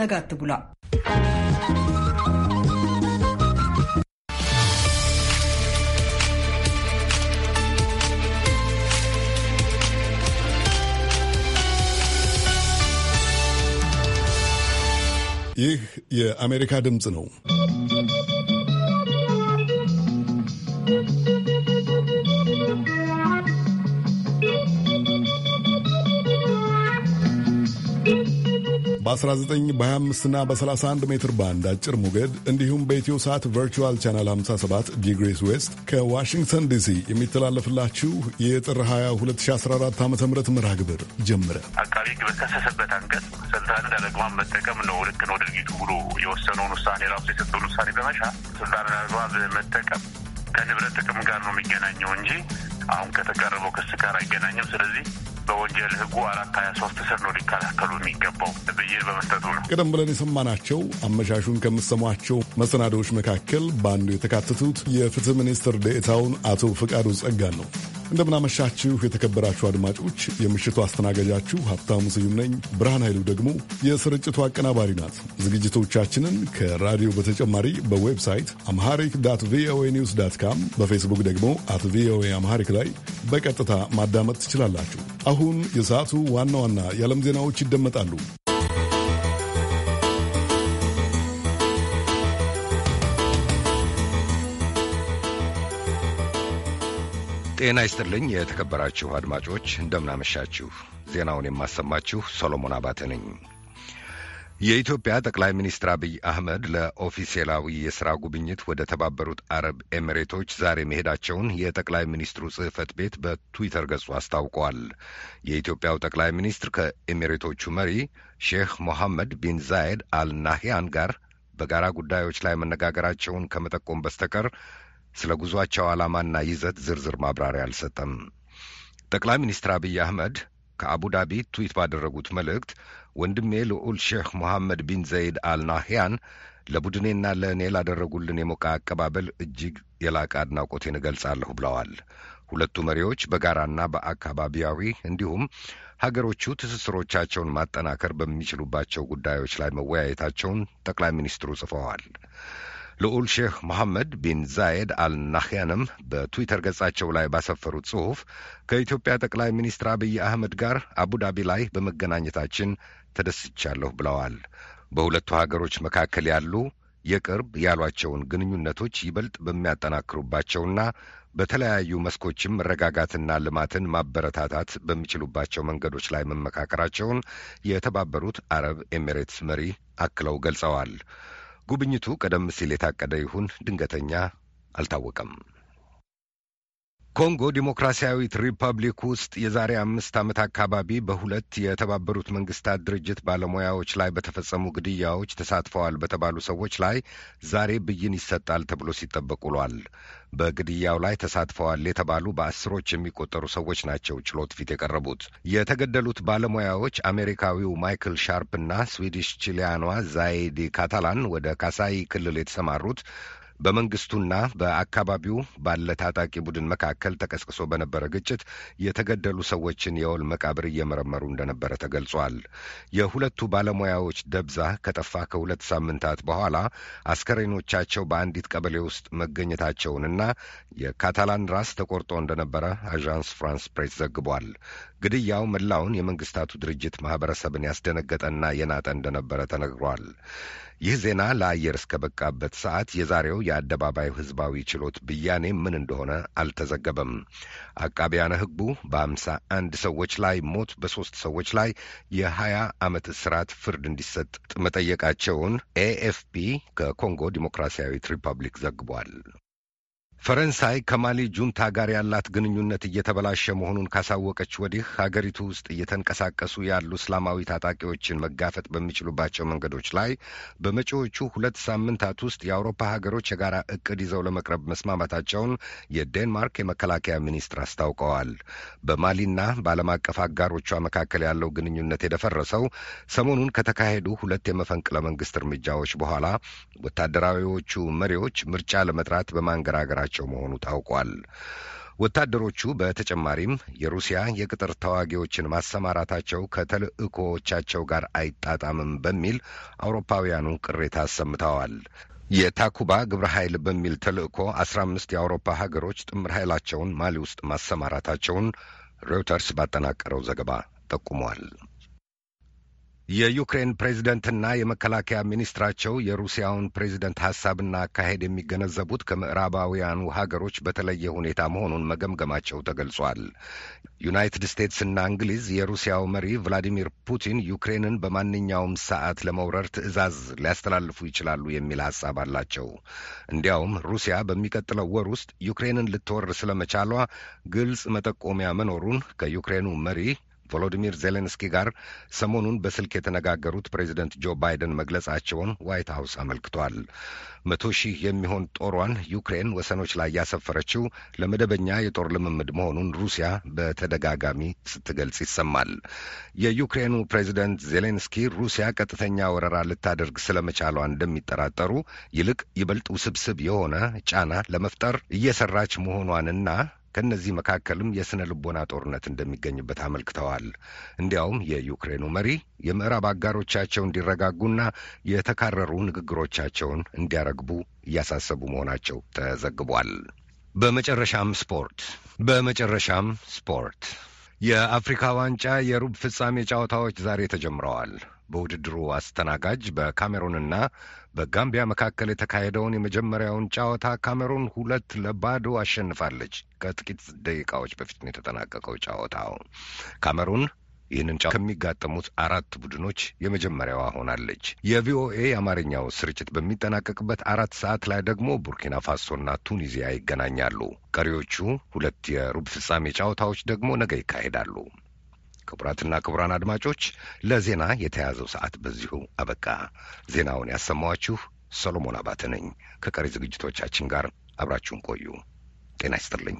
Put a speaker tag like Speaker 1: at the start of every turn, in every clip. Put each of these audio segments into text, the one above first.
Speaker 1: ነጋት አትጉላ።
Speaker 2: ይህ የአሜሪካ ድምፅ ነው። በ19 በ25 ና በ31 ሜትር ባንድ አጭር ሞገድ እንዲሁም በኢትዮ ሰዓት ቨርቹዋል ቻናል 57 ዲግሪስ ዌስት ከዋሽንግተን ዲሲ የሚተላለፍላችሁ የጥር 20 2014 ዓ ም መርሃ ግብር ጀምረ
Speaker 3: አቃቤ ሕግ በተከሰሰበት አንቀጽ ስልጣንን ያለግባብ መጠቀም ነው ልክ ነው ድርጊቱ ብሎ የወሰነውን ውሳኔ ራሱ የሰጠውን ውሳኔ በመሻ ስልጣንን ያለግባብ መጠቀም ከንብረት ጥቅም ጋር ነው የሚገናኘው እንጂ አሁን ከተቀረበው ክስ ጋር አይገናኝም። ስለዚህ በወንጀል ህጉ አራት ሀያ ሶስት ስር ነው ሊከላከሉ የሚገባው ብይን በመስጠቱ ነው።
Speaker 2: ቀደም ብለን የሰማናቸው አመሻሹን ከምሰሟቸው መሰናዶዎች መካከል በአንዱ የተካተቱት የፍትህ ሚኒስትር ዴኤታውን አቶ ፍቃዱ ጸጋን ነው። እንደምናመሻችሁ የተከበራችሁ አድማጮች፣ የምሽቱ አስተናጋጃችሁ ሀብታሙ ስዩም ነኝ። ብርሃን ኃይሉ ደግሞ የስርጭቱ አቀናባሪ ናት። ዝግጅቶቻችንን ከራዲዮ በተጨማሪ በዌብሳይት አምሃሪክ ዳት ቪኦኤ ኒውስ ዳት ካም፣ በፌስቡክ ደግሞ አት ቪኦኤ አምሃሪክ ላይ በቀጥታ ማዳመጥ ትችላላችሁ። አሁን የሰዓቱ ዋና ዋና የዓለም ዜናዎች ይደመጣሉ።
Speaker 4: ጤና ይስጥልኝ የተከበራችሁ አድማጮች፣ እንደምናመሻችሁ። ዜናውን የማሰማችሁ ሶሎሞን አባተ ነኝ። የኢትዮጵያ ጠቅላይ ሚኒስትር አብይ አህመድ ለኦፊሴላዊ የሥራ ጉብኝት ወደ ተባበሩት አረብ ኤሚሬቶች ዛሬ መሄዳቸውን የጠቅላይ ሚኒስትሩ ጽሕፈት ቤት በትዊተር ገጹ አስታውቀዋል። የኢትዮጵያው ጠቅላይ ሚኒስትር ከኤሚሬቶቹ መሪ ሼህ ሞሐመድ ቢን ዛይድ አል ጋር በጋራ ጉዳዮች ላይ መነጋገራቸውን ከመጠቆም በስተቀር ስለ ጉዟቸው ዓላማና ይዘት ዝርዝር ማብራሪያ አልሰጠም። ጠቅላይ ሚኒስትር አብይ አህመድ ከአቡዳቢ ትዊት ባደረጉት መልእክት ወንድሜ ልዑል ሼህ ሙሐመድ ቢን ዘይድ አልናህያን ለቡድኔና ለእኔ ላደረጉልን የሞቃ አቀባበል እጅግ የላቀ አድናቆቴን እገልጻለሁ ብለዋል። ሁለቱ መሪዎች በጋራና በአካባቢያዊ እንዲሁም ሀገሮቹ ትስስሮቻቸውን ማጠናከር በሚችሉባቸው ጉዳዮች ላይ መወያየታቸውን ጠቅላይ ሚኒስትሩ ጽፈዋል። ልዑል ሼህ መሐመድ ቢን ዛየድ አል በትዊተር ገጻቸው ላይ ባሰፈሩት ጽሑፍ ከኢትዮጵያ ጠቅላይ ሚኒስትር አብይ አህመድ ጋር አቡዳቢ ላይ በመገናኘታችን ተደስቻለሁ ብለዋል። በሁለቱ ሀገሮች መካከል ያሉ የቅርብ ያሏቸውን ግንኙነቶች ይበልጥ በሚያጠናክሩባቸውና በተለያዩ መስኮችም መረጋጋትና ልማትን ማበረታታት በሚችሉባቸው መንገዶች ላይ መመካከራቸውን የተባበሩት አረብ ኤሚሬትስ መሪ አክለው ገልጸዋል። ጉብኝቱ ቀደም ሲል የታቀደ ይሁን ድንገተኛ አልታወቀም። ኮንጎ ዲሞክራሲያዊት ሪፐብሊክ ውስጥ የዛሬ አምስት ዓመት አካባቢ በሁለት የተባበሩት መንግስታት ድርጅት ባለሙያዎች ላይ በተፈጸሙ ግድያዎች ተሳትፈዋል በተባሉ ሰዎች ላይ ዛሬ ብይን ይሰጣል ተብሎ ሲጠበቅ ውሏል። በግድያው ላይ ተሳትፈዋል የተባሉ በአስሮች የሚቆጠሩ ሰዎች ናቸው ችሎት ፊት የቀረቡት። የተገደሉት ባለሙያዎች አሜሪካዊው ማይክል ሻርፕና ስዊዲሽ ቺሊያኗ ዛይዲ ካታላን ወደ ካሳይ ክልል የተሰማሩት በመንግስቱና በአካባቢው ባለ ታጣቂ ቡድን መካከል ተቀስቅሶ በነበረ ግጭት የተገደሉ ሰዎችን የወል መቃብር እየመረመሩ እንደነበረ ተገልጿል። የሁለቱ ባለሙያዎች ደብዛ ከጠፋ ከሁለት ሳምንታት በኋላ አስከሬኖቻቸው በአንዲት ቀበሌ ውስጥ መገኘታቸውንና የካታላን ራስ ተቆርጦ እንደነበረ አዣንስ ፍራንስ ፕሬስ ዘግቧል። ግድያው መላውን የመንግስታቱ ድርጅት ማህበረሰብን ያስደነገጠና የናጠ እንደነበረ ተነግሯል። ይህ ዜና ለአየር እስከበቃበት ሰዓት የዛሬው የአደባባዩ ህዝባዊ ችሎት ብያኔ ምን እንደሆነ አልተዘገበም። አቃቢያነ ህግቡ በአምሳ አንድ ሰዎች ላይ ሞት፣ በሦስት ሰዎች ላይ የሀያ ዓመት እስራት ፍርድ እንዲሰጥ መጠየቃቸውን ኤኤፍፒ ከኮንጎ ዲሞክራሲያዊት ሪፐብሊክ ዘግቧል። ፈረንሳይ ከማሊ ጁንታ ጋር ያላት ግንኙነት እየተበላሸ መሆኑን ካሳወቀች ወዲህ ሀገሪቱ ውስጥ እየተንቀሳቀሱ ያሉ እስላማዊ ታጣቂዎችን መጋፈጥ በሚችሉባቸው መንገዶች ላይ በመጪዎቹ ሁለት ሳምንታት ውስጥ የአውሮፓ ሀገሮች የጋራ እቅድ ይዘው ለመቅረብ መስማማታቸውን የዴንማርክ የመከላከያ ሚኒስትር አስታውቀዋል። በማሊና በዓለም አቀፍ አጋሮቿ መካከል ያለው ግንኙነት የደፈረሰው ሰሞኑን ከተካሄዱ ሁለት የመፈንቅለ መንግስት እርምጃዎች በኋላ ወታደራዊዎቹ መሪዎች ምርጫ ለመጥራት በማንገራገራቸው ያላቸው መሆኑ ታውቋል። ወታደሮቹ በተጨማሪም የሩሲያ የቅጥር ተዋጊዎችን ማሰማራታቸው ከተልዕኮዎቻቸው ጋር አይጣጣምም በሚል አውሮፓውያኑ ቅሬታ አሰምተዋል። የታኩባ ግብረ ኃይል በሚል ተልዕኮ አስራ አምስት የአውሮፓ ሀገሮች ጥምር ኃይላቸውን ማሊ ውስጥ ማሰማራታቸውን ሮይተርስ ባጠናቀረው ዘገባ ጠቁሟል። የዩክሬን ፕሬዝደንትና የመከላከያ ሚኒስትራቸው የሩሲያውን ፕሬዝደንት ሐሳብና አካሄድ የሚገነዘቡት ከምዕራባውያኑ ሀገሮች በተለየ ሁኔታ መሆኑን መገምገማቸው ተገልጿል። ዩናይትድ ስቴትስና እንግሊዝ የሩሲያው መሪ ቭላዲሚር ፑቲን ዩክሬንን በማንኛውም ሰዓት ለመውረር ትዕዛዝ ሊያስተላልፉ ይችላሉ የሚል ሐሳብ አላቸው። እንዲያውም ሩሲያ በሚቀጥለው ወር ውስጥ ዩክሬንን ልትወር ስለመቻሏ ግልጽ መጠቆሚያ መኖሩን ከዩክሬኑ መሪ ቮሎዲሚር ዜሌንስኪ ጋር ሰሞኑን በስልክ የተነጋገሩት ፕሬዚደንት ጆ ባይደን መግለጻቸውን ዋይት ሀውስ አመልክቷል። መቶ ሺህ የሚሆን ጦሯን ዩክሬን ወሰኖች ላይ ያሰፈረችው ለመደበኛ የጦር ልምምድ መሆኑን ሩሲያ በተደጋጋሚ ስትገልጽ ይሰማል። የዩክሬኑ ፕሬዚደንት ዜሌንስኪ ሩሲያ ቀጥተኛ ወረራ ልታደርግ ስለመቻሏ እንደሚጠራጠሩ ይልቅ ይበልጥ ውስብስብ የሆነ ጫና ለመፍጠር እየሰራች መሆኗንና ከእነዚህ መካከልም የሥነ ልቦና ጦርነት እንደሚገኝበት አመልክተዋል። እንዲያውም የዩክሬኑ መሪ የምዕራብ አጋሮቻቸው እንዲረጋጉና የተካረሩ ንግግሮቻቸውን እንዲያረግቡ እያሳሰቡ መሆናቸው ተዘግቧል። በመጨረሻም ስፖርት በመጨረሻም ስፖርት የአፍሪካ ዋንጫ የሩብ ፍጻሜ ጨዋታዎች ዛሬ ተጀምረዋል። በውድድሩ አስተናጋጅ በካሜሩንና በጋምቢያ መካከል የተካሄደውን የመጀመሪያውን ጨዋታ ካሜሩን ሁለት ለባዶ አሸንፋለች። ከጥቂት ደቂቃዎች በፊት ነው የተጠናቀቀው ጨዋታው። ካሜሩን ይህንን ጨዋታ ከሚጋጠሙት አራት ቡድኖች የመጀመሪያዋ ሆናለች። የቪኦኤ የአማርኛው ስርጭት በሚጠናቀቅበት አራት ሰዓት ላይ ደግሞ ቡርኪና ፋሶና ቱኒዚያ ይገናኛሉ። ቀሪዎቹ ሁለት የሩብ ፍጻሜ ጨዋታዎች ደግሞ ነገ ይካሄዳሉ። ክቡራትና ክቡራን አድማጮች ለዜና የተያዘው ሰዓት በዚሁ አበቃ። ዜናውን ያሰማኋችሁ ሰሎሞን አባተ ነኝ። ከቀሪ ዝግጅቶቻችን ጋር አብራችሁን ቆዩ። ጤና ይስጥልኝ።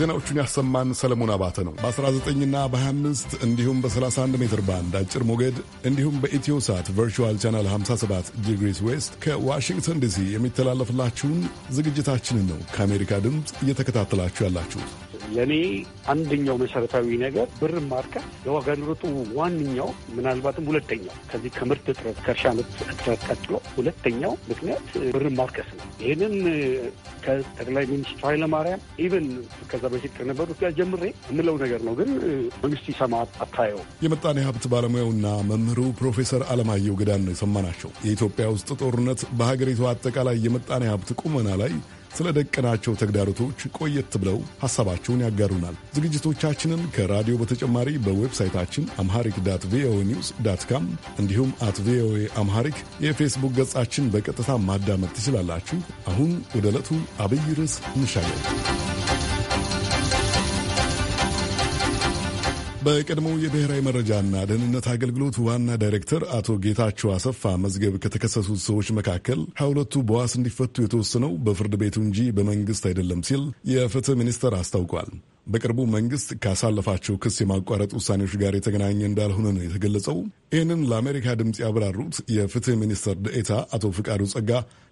Speaker 2: ዜናዎቹን ያሰማን ሰለሞን አባተ ነው። በ19ና በ25 እንዲሁም በ31 ሜትር ባንድ አጭር ሞገድ እንዲሁም በኢትዮ ሳት ቨርቹዋል ቻናል 57 ዲግሪስ ዌስት ከዋሽንግተን ዲሲ የሚተላለፍላችሁን ዝግጅታችንን ነው ከአሜሪካ ድምፅ እየተከታተላችሁ ያላችሁት።
Speaker 5: ለእኔ አንደኛው መሰረታዊ ነገር ብር ማርከት የዋጋ ንረቱ ዋነኛው ምናልባትም ሁለተኛው ከዚህ ከምርት እጥረት ከእርሻ ምርት እጥረት ቀጥሎ ሁለተኛው ምክንያት ብር ማርከስ ነው። ይህንን ከጠቅላይ ሚኒስትሩ ኃይለማርያም ኢቨን ከዛ በፊት ከነበሩት ጋር ጀምሬ የምለው ነገር ነው። ግን መንግስት ይሰማ አታየው።
Speaker 2: የምጣኔ ሀብት ባለሙያውና መምህሩ ፕሮፌሰር አለማየሁ ገዳን ነው የሰማናቸው። የኢትዮጵያ ውስጥ ጦርነት በሀገሪቱ አጠቃላይ የምጣኔ ሀብት ቁመና ላይ ስለ ደቀናቸው ተግዳሮቶች ቆየት ብለው ሀሳባቸውን ያጋሩናል። ዝግጅቶቻችንን ከራዲዮ በተጨማሪ በዌብሳይታችን አምሃሪክ ዳት ቪኦኤ ኒውስ ዳት ካም እንዲሁም አት ቪኦኤ አምሃሪክ የፌስቡክ ገጻችን በቀጥታ ማዳመጥ ትችላላችሁ። አሁን ወደ ዕለቱ አብይ ርዕስ እንሻገር። በቀድሞው የብሔራዊ መረጃና ደህንነት አገልግሎት ዋና ዳይሬክተር አቶ ጌታቸው አሰፋ መዝገብ ከተከሰሱት ሰዎች መካከል ሀያ ሁለቱ በዋስ እንዲፈቱ የተወሰነው በፍርድ ቤቱ እንጂ በመንግስት አይደለም ሲል የፍትህ ሚኒስቴር አስታውቋል። በቅርቡ መንግስት ካሳለፋቸው ክስ የማቋረጥ ውሳኔዎች ጋር የተገናኘ እንዳልሆነ ነው የተገለጸው። ይህንን ለአሜሪካ ድምፅ ያብራሩት የፍትህ ሚኒስትር ደኤታ አቶ ፍቃዱ ጸጋ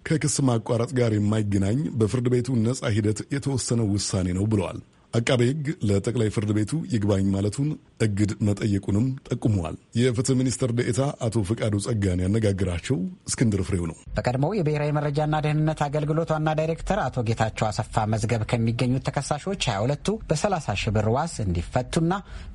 Speaker 2: ከክስ ማቋረጥ ጋር የማይገናኝ በፍርድ ቤቱ ነጻ ሂደት የተወሰነ ውሳኔ ነው ብለዋል። አቃቤ ሕግ ለጠቅላይ ፍርድ ቤቱ ይግባኝ ማለቱን እግድ መጠየቁንም ጠቁመዋል። የፍትህ ሚኒስትር ደኤታ አቶ ፍቃዱ ጸጋን ያነጋግራቸው እስክንድር ፍሬው ነው።
Speaker 1: በቀድሞው የብሔራዊ መረጃና ደህንነት አገልግሎት ዋና ዳይሬክተር አቶ ጌታቸው አሰፋ መዝገብ ከሚገኙት ተከሳሾች 22ቱ በ30 ሺህ ብር ዋስ እንዲፈቱና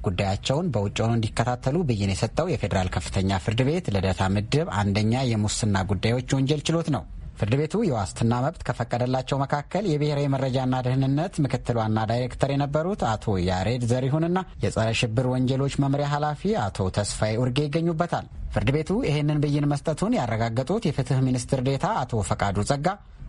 Speaker 1: ጉዳያቸውን በውጭ ሆነው እንዲከታተሉ ብይን የሰጠው የፌዴራል ከፍተኛ ፍርድ ቤት ልደታ ምድብ አንደኛ የሙስና ጉዳዮች ወንጀል ችሎት ነው። ፍርድ ቤቱ የዋስትና መብት ከፈቀደላቸው መካከል የብሔራዊ መረጃና ደህንነት ምክትል ዋና ዳይሬክተር የነበሩት አቶ ያሬድ ዘሪሁንና የጸረ ሽብር ወንጀሎች መምሪያ ኃላፊ አቶ ተስፋዬ ኡርጌ ይገኙበታል። ፍርድ ቤቱ ይህንን ብይን መስጠቱን ያረጋገጡት የፍትህ ሚኒስትር ዴታ አቶ ፈቃዱ ጸጋ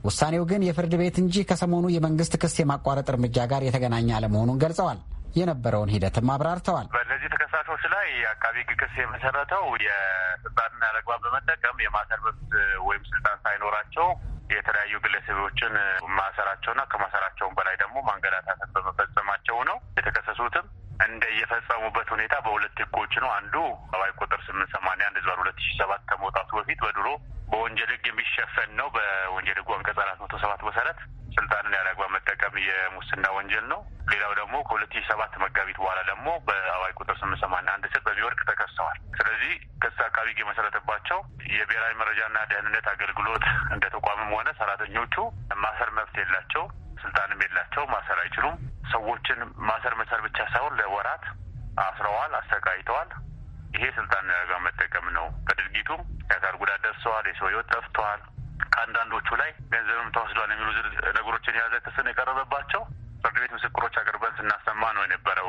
Speaker 1: ውሳኔው ግን የፍርድ ቤት እንጂ ከሰሞኑ የመንግስት ክስ የማቋረጥ እርምጃ ጋር የተገናኘ አለመሆኑን ገልጸዋል። የነበረውን ሂደትም አብራርተዋል። በእነዚህ
Speaker 3: ተከሳሾች ላይ አቃቢ ሕግ ክስ የመሰረተው የስልጣንን ያለአግባብ በመጠቀም የማሰር መብት ወይም ስልጣን ሳይኖራቸው የተለያዩ ግለሰቦችን ማሰራቸውና ከማሰራቸውን በላይ ደግሞ ማንገላታትን በመፈጸማቸው ነው። የተከሰሱትም እንደየፈጸሙበት ሁኔታ በሁለት ህጎች ነው። አንዱ አዋጅ ቁጥር ስምንት ሰማንያ አንድ ህዝባር ሁለት ሺ ሰባት ከመውጣቱ በፊት በድሮ በወንጀል ህግ የሚሸፈን ነው። በወንጀል ህጉ አንቀጽ አራት መቶ ሰባት መሰረት ስልጣንን ያለአግባብ መጠቀም የሙስና ወንጀል ነው። ሌላው ደግሞ ከሁለት ሺህ ሰባት መጋቢት በኋላ ደግሞ በአዋጅ ቁጥር ስምንት ሰማንያ አንድ ስር በሚወድቅ ተከሰዋል። ስለዚህ ክስ አቃቤ ሕግ የመሰረተባቸው የብሔራዊ መረጃና ደህንነት አገልግሎት እንደ ተቋምም ሆነ ሰራተኞቹ ማሰር መብት የላቸው፣ ስልጣንም የላቸው፣ ማሰር አይችሉም። ሰዎችን ማሰር መሰር ብቻ ሳይሆን ለወራት አስረዋል፣ አሰቃይተዋል። ይሄ ስልጣን ያለአግባብ መጠቀም ነው። በድርጊቱም የአካል ጉዳት ደርሰዋል፣ የሰው ሕይወት ጠፍተዋል። አንዳንዶቹ ላይ ገንዘብም ተወስዷል የሚሉ ነገሮችን የያዘ ክስን የቀረበባቸው። ፍርድ ቤት ምስክሮች አቅርበን ስናሰማ ነው የነበረው።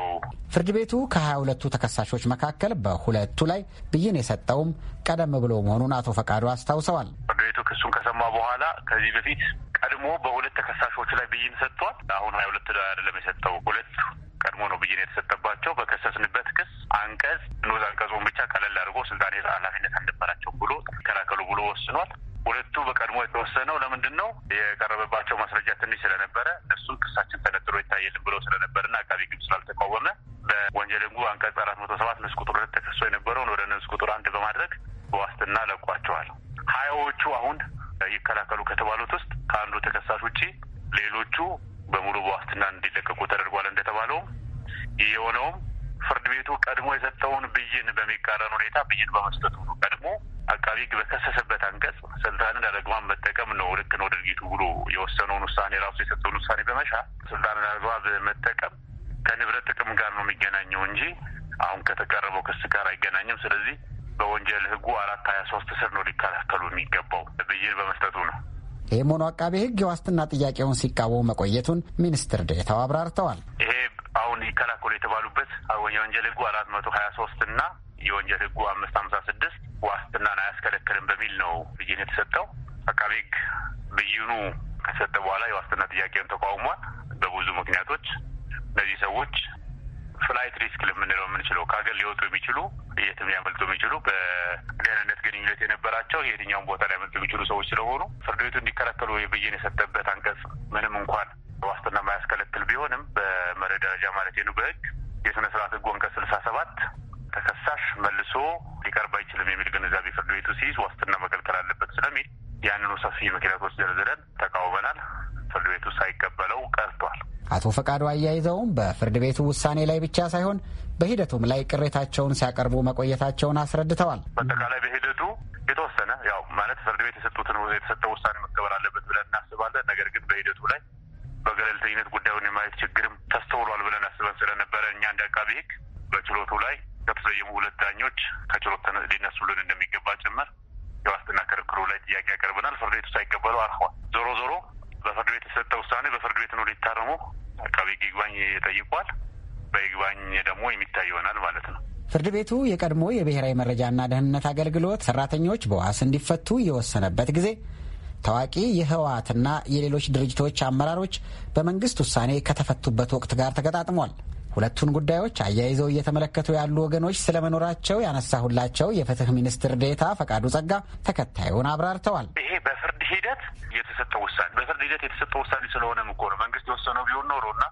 Speaker 1: ፍርድ ቤቱ ከሀያ ሁለቱ ተከሳሾች መካከል በሁለቱ ላይ ብይን የሰጠውም ቀደም ብሎ መሆኑን አቶ ፈቃዱ አስታውሰዋል።
Speaker 3: ፍርድ ቤቱ ክሱን ከሰማ በኋላ ከዚህ በፊት ቀድሞ በሁለት ተከሳሾች ላይ ብይን ሰጥቷል። አሁን ሀያ ሁለት ላይ አይደለም የሰጠው ሁለቱ ቀድሞ ነው ብይን የተሰጠባቸው። በከሰስንበት ክስ አንቀጽ ንዑስ አንቀጹን ብቻ ቀለል አድርጎ ስልጣኔ ኃላፊነት አልነበራቸው ብሎ ይከላከሉ ብሎ ወስኗል። ሁለቱ በቀድሞ የተወሰነው ለምንድን ነው የቀረበባቸው ማስረጃ ትንሽ ስለነበረ እነሱን ክሳችን ተነጥሮ ይታየልን ብለው ስለነበርና አቃቢ ግብ ስላልተቃወመ በወንጀል ሕጉ አንቀጽ አራት መቶ ሰባት ንዑስ ቁጥር ሁለት ተከሶ የነበረውን ወደ ንዑስ ቁጥር አንድ በማድረግ በዋስትና ለቋቸዋል። ሀያዎቹ አሁን ይከላከሉ ከተባሉት ውስጥ ከአንዱ ተከሳሽ ውጪ ሌሎቹ በሙሉ በዋስትና እንዲለቀቁ ተደርጓል። እንደተባለውም ይህ የሆነውም ፍርድ ቤቱ ቀድሞ የሰጠውን ብይን በሚቃረን ሁኔታ ብይን በመስጠቱ ነው። ቀድሞ አቃቢ በከሰሰበት አንቀጽ ስልጣንን ያለግባብ መጠቀም ነው ልክ ነው ድርጊቱ ብሎ የወሰነውን ውሳኔ ራሱ የሰጠውን ውሳኔ በመሻ ስልጣንን ያለግባብ መጠቀም ከንብረት ጥቅም ጋር ነው የሚገናኘው እንጂ አሁን ከተቀረበው ክስ ጋር አይገናኝም። ስለዚህ በወንጀል ህጉ አራት ሀያ ሶስት ስር ነው ሊከላከሉ የሚገባው ብይን በመስጠቱ ነው።
Speaker 1: ይህ መሆኑ አቃቤ ህግ የዋስትና ጥያቄውን ሲቃወሙ መቆየቱን ሚኒስትር ዴታው አብራርተዋል።
Speaker 3: ይሄ አሁን ይከላከሉ የተባሉበት የወንጀል ህጉ አራት መቶ ሀያ ሶስት እና የወንጀል ህጉ አምስት ሀምሳ ስድስት ዋስትናን አያስከለክልም በሚል ነው ብይን የተሰጠው። አቃቤ ሕግ ብይኑ ከተሰጠ በኋላ የዋስትና ጥያቄውን ተቃውሟል። በብዙ ምክንያቶች እነዚህ ሰዎች ፍላይት ሪስክ ልምንለው የምንችለው ከሀገር ሊወጡ የሚችሉ የትም ሊያመልጡ የሚችሉ በደህንነት ግንኙነት የነበራቸው የትኛውን ቦታ ሊያመልጡ የሚችሉ ሰዎች ስለሆኑ ፍርድ ቤቱ እንዲከለከሉ ብይን የሰጠበት አንቀጽ ምንም እንኳን ዋስትና ማያስከለክል ቢሆንም በመርህ ደረጃ ማለት ነው በህግ የስነ ስርዓት ህጉ አንቀጽ ስልሳ ሰባት ተከሳሽ መልሶ ሊቀርብ አይችልም የሚል ግንዛቤ ፍርድ ቤቱ ሲይዝ ዋስትና መከልከል አለበት ስለሚል ያንኑ ሰፊ ምክንያቶች ዘርዝረን ተቃውመናል። ፍርድ ቤቱ ሳይቀበለው ቀርቷል።
Speaker 1: አቶ ፈቃዱ አያይዘውም በፍርድ ቤቱ ውሳኔ ላይ ብቻ ሳይሆን በሂደቱም ላይ ቅሬታቸውን ሲያቀርቡ መቆየታቸውን አስረድተዋል።
Speaker 3: በአጠቃላይ በሂደቱ የተወሰነ ያው ማለት ፍርድ ቤት የሰጡትን የተሰጠው ውሳኔ መከበር አለበት ብለን እናስባለን። ነገር ግን በሂደቱ ላይ በገለልተኝነት ጉዳዩን የማየት ችግርም ተስተውሏል ብለን አስበን ስለነበረ እኛ እንደ አቃቢ ህግ በችሎቱ ላይ ከተሰየሙ ሁለት ዳኞች ከችሎት ሊነሱልን እንደሚገባ ጭምር የዋስትና ክርክሩ ላይ ጥያቄ ያቀርበናል። ፍርድ ቤቱ ሳይቀበሉ አርፏል። ዞሮ ዞሮ በፍርድ ቤት የተሰጠ ውሳኔ በፍርድ ቤት ነው ሊታረሙ አቃቤ ይግባኝ ጠይቋል። በይግባኝ ደግሞ የሚታይ ይሆናል ማለት
Speaker 1: ነው። ፍርድ ቤቱ የቀድሞ የብሔራዊ መረጃና ደህንነት አገልግሎት ሰራተኞች በዋስ እንዲፈቱ የወሰነበት ጊዜ ታዋቂ የህወሓትና የሌሎች ድርጅቶች አመራሮች በመንግስት ውሳኔ ከተፈቱበት ወቅት ጋር ተገጣጥሟል። ሁለቱን ጉዳዮች አያይዘው እየተመለከቱ ያሉ ወገኖች ስለመኖራቸው ያነሳሁላቸው የፍትህ ሚኒስትር ዴታ ፈቃዱ ጸጋ ተከታዩን አብራርተዋል።
Speaker 3: ይሄ በፍርድ ሂደት የተሰጠ ውሳኔ በፍርድ ሂደት የተሰጠ ውሳኔ ስለሆነ ምኮ ነው መንግስት የወሰነው ቢሆን ኖሮና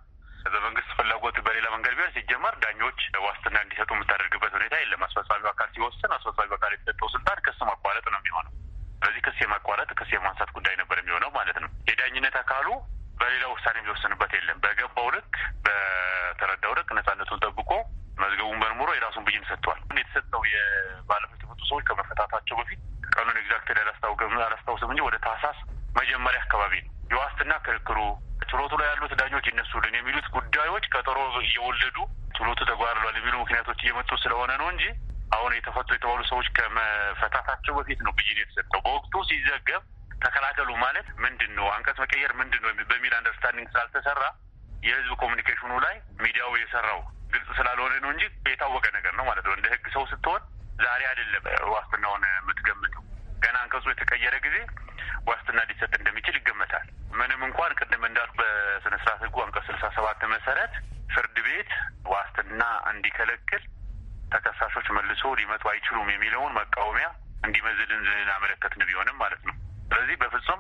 Speaker 3: በመንግስት ፍላጎት በሌላ መንገድ ቢሆን ሲጀመር ዳኞች ዋስትና እንዲሰጡ የምታደርግበት ሁኔታ የለም። አስፈጻሚው አካል ሲወስን፣ አስፈጻሚው አካል የተሰጠው ስልጣን ክስ ማቋረጥ ነው የሚሆነው። ስለዚህ ክስ የማቋረጥ ክስ የማንሳት ጉዳይ ነበር የሚሆነው ማለት ነው። የዳኝነት አካሉ በሌላ ውሳኔ የሚወሰንበት የለም። በገባው ልክ በተረዳው ልክ ነጻነቱን ጠብቆ መዝገቡን መርምሮ የራሱን ብይን ሰጥቷል። የተሰጠው የባለፈት የተፈቱ ሰዎች ከመፈታታቸው በፊት ቀኑን ኤግዛክት አላስታውስም እንጂ ወደ ታህሳስ መጀመሪያ አካባቢ ነው የዋስትና ክርክሩ ችሎቱ ላይ ያሉት ዳኞች ይነሱልን የሚሉት ጉዳዮች ቀጠሮ እየወለዱ ችሎቱ ተጓርሏል የሚሉ ምክንያቶች እየመጡ ስለሆነ ነው እንጂ አሁን የተፈቱ የተባሉ ሰዎች ከመፈታታቸው በፊት ነው ብይን የተሰጠው። በወቅቱ ሲዘገብ ተከላከሉ ማለት ምንድን ነው፣ አንቀጽ መቀየር ምንድን ነው በሚል አንደርስታንዲንግ ስላልተሰራ የህዝብ ኮሚኒኬሽኑ ላይ ሚዲያው የሰራው ግልጽ ስላልሆነ ነው እንጂ የታወቀ ነገር ነው ማለት ነው። እንደ ህግ ሰው ስትሆን ዛሬ አይደለም ዋስትናውን የምትገምተው። ገና አንቀጹ የተቀየረ ጊዜ ዋስትና ሊሰጥ እንደሚችል ይገመታል። ምንም እንኳን ቅድም እንዳልኩ በስነ ስርዓት ህጉ አንቀጽ ስልሳ ሰባት መሰረት ፍርድ ቤት ዋስትና እንዲከለክል ተከሳሾች መልሶ ሊመጡ አይችሉም የሚለውን መቃወሚያ እንዲመዝልን አመለከትን ቢሆንም ማለት ነው ስለዚህ በፍጹም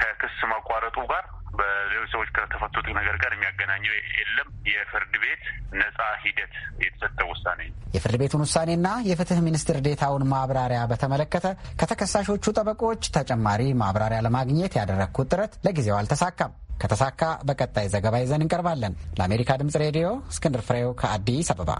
Speaker 3: ከክስ ማቋረጡ ጋር በሌሎች ሰዎች ከተፈቱት ነገር ጋር የሚያገናኘው የለም። የፍርድ ቤት ነጻ ሂደት የተሰጠው ውሳኔ ነው።
Speaker 1: የፍርድ ቤቱን ውሳኔና የፍትህ ሚኒስትር ዴታውን ማብራሪያ በተመለከተ ከተከሳሾቹ ጠበቆች ተጨማሪ ማብራሪያ ለማግኘት ያደረግኩት ጥረት ለጊዜው አልተሳካም። ከተሳካ በቀጣይ ዘገባ ይዘን እንቀርባለን። ለአሜሪካ ድምጽ ሬዲዮ እስክንድር ፍሬው ከአዲስ አበባ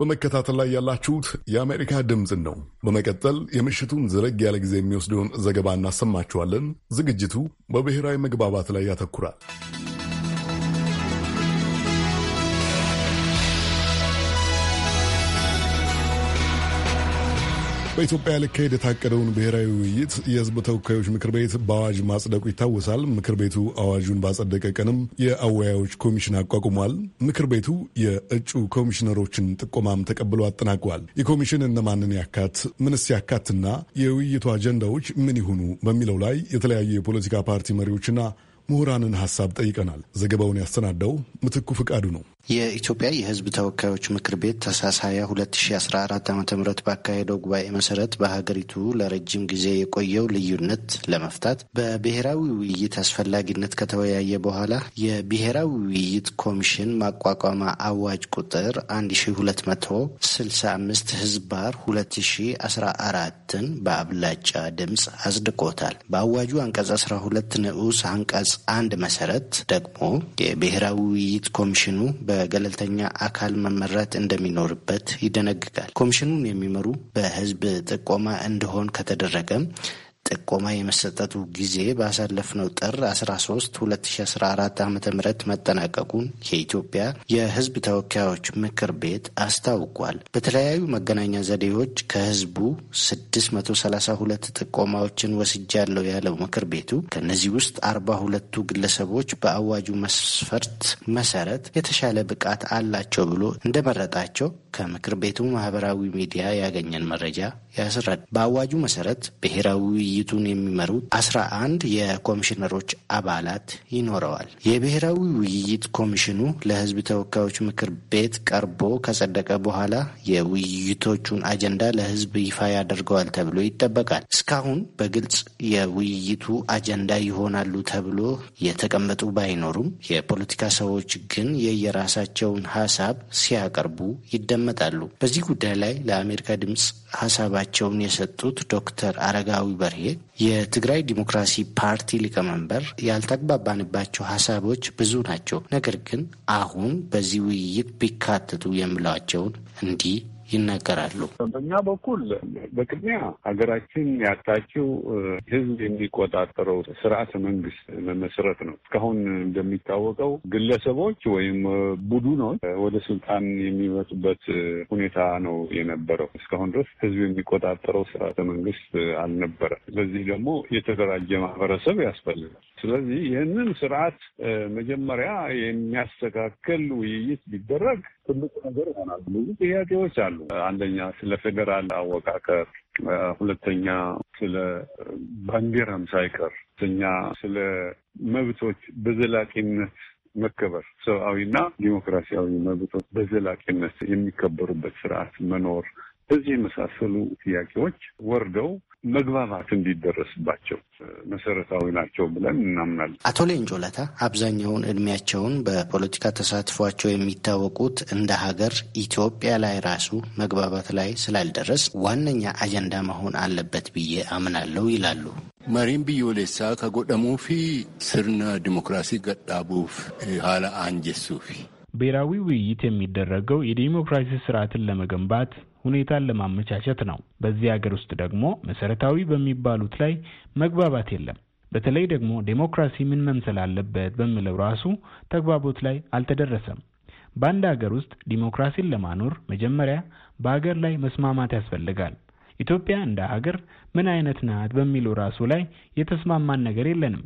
Speaker 2: በመከታተል ላይ ያላችሁት የአሜሪካ ድምፅን ነው። በመቀጠል የምሽቱን ዘለግ ያለ ጊዜ የሚወስደውን ዘገባ እናሰማችኋለን። ዝግጅቱ በብሔራዊ መግባባት ላይ ያተኩራል። በኢትዮጵያ ልካሄድ የታቀደውን ብሔራዊ ውይይት የህዝብ ተወካዮች ምክር ቤት በአዋጅ ማጽደቁ ይታወሳል። ምክር ቤቱ አዋጁን ባጸደቀ ቀንም የአወያዮች ኮሚሽን አቋቁሟል። ምክር ቤቱ የእጩ ኮሚሽነሮችን ጥቆማም ተቀብሎ አጠናቋል። የኮሚሽን እነማንን ያካት፣ ምንስ ያካትና የውይይቱ አጀንዳዎች ምን ይሆኑ በሚለው ላይ የተለያዩ የፖለቲካ ፓርቲ መሪዎችና ምሁራንን ሀሳብ ጠይቀናል። ዘገባውን ያሰናዳው ምትኩ ፍቃዱ ነው።
Speaker 6: የኢትዮጵያ የሕዝብ ተወካዮች ምክር ቤት ታህሳስ 20 2014 ዓ ም ባካሄደው ጉባኤ መሰረት በሀገሪቱ ለረጅም ጊዜ የቆየው ልዩነት ለመፍታት በብሔራዊ ውይይት አስፈላጊነት ከተወያየ በኋላ የብሔራዊ ውይይት ኮሚሽን ማቋቋማ አዋጅ ቁጥር 1265 ህዝባር 2014ን በአብላጫ ድምፅ አጽድቆታል። በአዋጁ አንቀጽ 12 ንዑስ አንቀጽ አንድ መሰረት ደግሞ የብሔራዊ ውይይት ኮሚሽኑ በ በገለልተኛ አካል መመራት እንደሚኖርበት ይደነግጋል። ኮሚሽኑን የሚመሩ በህዝብ ጥቆማ እንደሆን ከተደረገ ጥቆማ የመሰጠቱ ጊዜ ባሳለፍነው ጥር 13 2014 ዓ ም መጠናቀቁን የኢትዮጵያ የሕዝብ ተወካዮች ምክር ቤት አስታውቋል። በተለያዩ መገናኛ ዘዴዎች ከሕዝቡ 632 ጥቆማዎችን ወስጃለሁ ያለው ምክር ቤቱ ከእነዚህ ውስጥ 42 ግለሰቦች በአዋጁ መስፈርት መሰረት የተሻለ ብቃት አላቸው ብሎ እንደመረጣቸው ከምክር ቤቱ ማህበራዊ ሚዲያ ያገኘን መረጃ ያስረዳል። በአዋጁ መሰረት ብሔራዊ ውይይቱን የሚመሩት አስራ አንድ የኮሚሽነሮች አባላት ይኖረዋል። የብሔራዊ ውይይት ኮሚሽኑ ለህዝብ ተወካዮች ምክር ቤት ቀርቦ ከጸደቀ በኋላ የውይይቶቹን አጀንዳ ለህዝብ ይፋ ያደርገዋል ተብሎ ይጠበቃል። እስካሁን በግልጽ የውይይቱ አጀንዳ ይሆናሉ ተብሎ የተቀመጡ ባይኖሩም የፖለቲካ ሰዎች ግን የየራሳቸውን ሀሳብ ሲያቀርቡ ይደመጣሉ። በዚህ ጉዳይ ላይ ለአሜሪካ ድምፅ ሀሳባቸውን የሰጡት ዶክተር አረጋዊ በርሄ የትግራይ ዲሞክራሲ ፓርቲ ሊቀመንበር ያልተግባባንባቸው ሀሳቦች ብዙ ናቸው፣ ነገር ግን አሁን በዚህ ውይይት ቢካተቱ የምላቸውን እንዲህ ይናገራሉ። በእኛ
Speaker 7: በኩል በቅድሚያ ሀገራችን ያጣችው ህዝብ የሚቆጣጠረው ስርዓተ መንግስት መመስረት ነው። እስካሁን እንደሚታወቀው ግለሰቦች ወይም ቡድኖች ወደ ስልጣን የሚመጡበት ሁኔታ ነው የነበረው። እስካሁን ድረስ ህዝብ የሚቆጣጠረው ስርዓተ መንግስት አልነበረ። ስለዚህ ደግሞ የተደራጀ ማህበረሰብ ያስፈልጋል። ስለዚህ ይህንን ስርዓት መጀመሪያ የሚያስተካክል ውይይት ቢደረግ ትልቁ ነገር ይሆናል። ብዙ ጥያቄዎች አሉ። አንደኛ ስለ ፌዴራል አወቃቀር፣ ሁለተኛ ስለ ባንዲራም ሳይቀር ኛ ስለ መብቶች በዘላቂነት መከበር ሰብአዊና ዲሞክራሲያዊ መብቶች በዘላቂነት የሚከበሩበት ስርዓት መኖር፣ በዚህ የመሳሰሉ ጥያቄዎች ወርደው መግባባት እንዲደረስባቸው መሰረታዊ ናቸው ብለን እናምናለን።
Speaker 6: አቶ ሌንጮ ለታ አብዛኛውን እድሜያቸውን በፖለቲካ ተሳትፏቸው የሚታወቁት እንደ ሀገር ኢትዮጵያ ላይ ራሱ መግባባት ላይ ስላልደረስ ዋነኛ አጀንዳ መሆን አለበት ብዬ አምናለሁ ይላሉ። መሪን ብዮሌሳ
Speaker 8: ከጎደሙፊ ስርና ዲሞክራሲ ገጣቡፍ ሀላ አንጀሱፊ ብሔራዊ ውይይት የሚደረገው የዲሞክራሲ ስርዓትን ለመገንባት ሁኔታን ለማመቻቸት ነው። በዚህ ሀገር ውስጥ ደግሞ መሰረታዊ በሚባሉት ላይ መግባባት የለም። በተለይ ደግሞ ዴሞክራሲ ምን መምሰል አለበት በሚለው ራሱ ተግባቦት ላይ አልተደረሰም። በአንድ ሀገር ውስጥ ዲሞክራሲን ለማኖር መጀመሪያ በሀገር ላይ መስማማት ያስፈልጋል። ኢትዮጵያ እንደ ሀገር ምን አይነት ናት በሚለው ራሱ ላይ የተስማማን ነገር የለንም።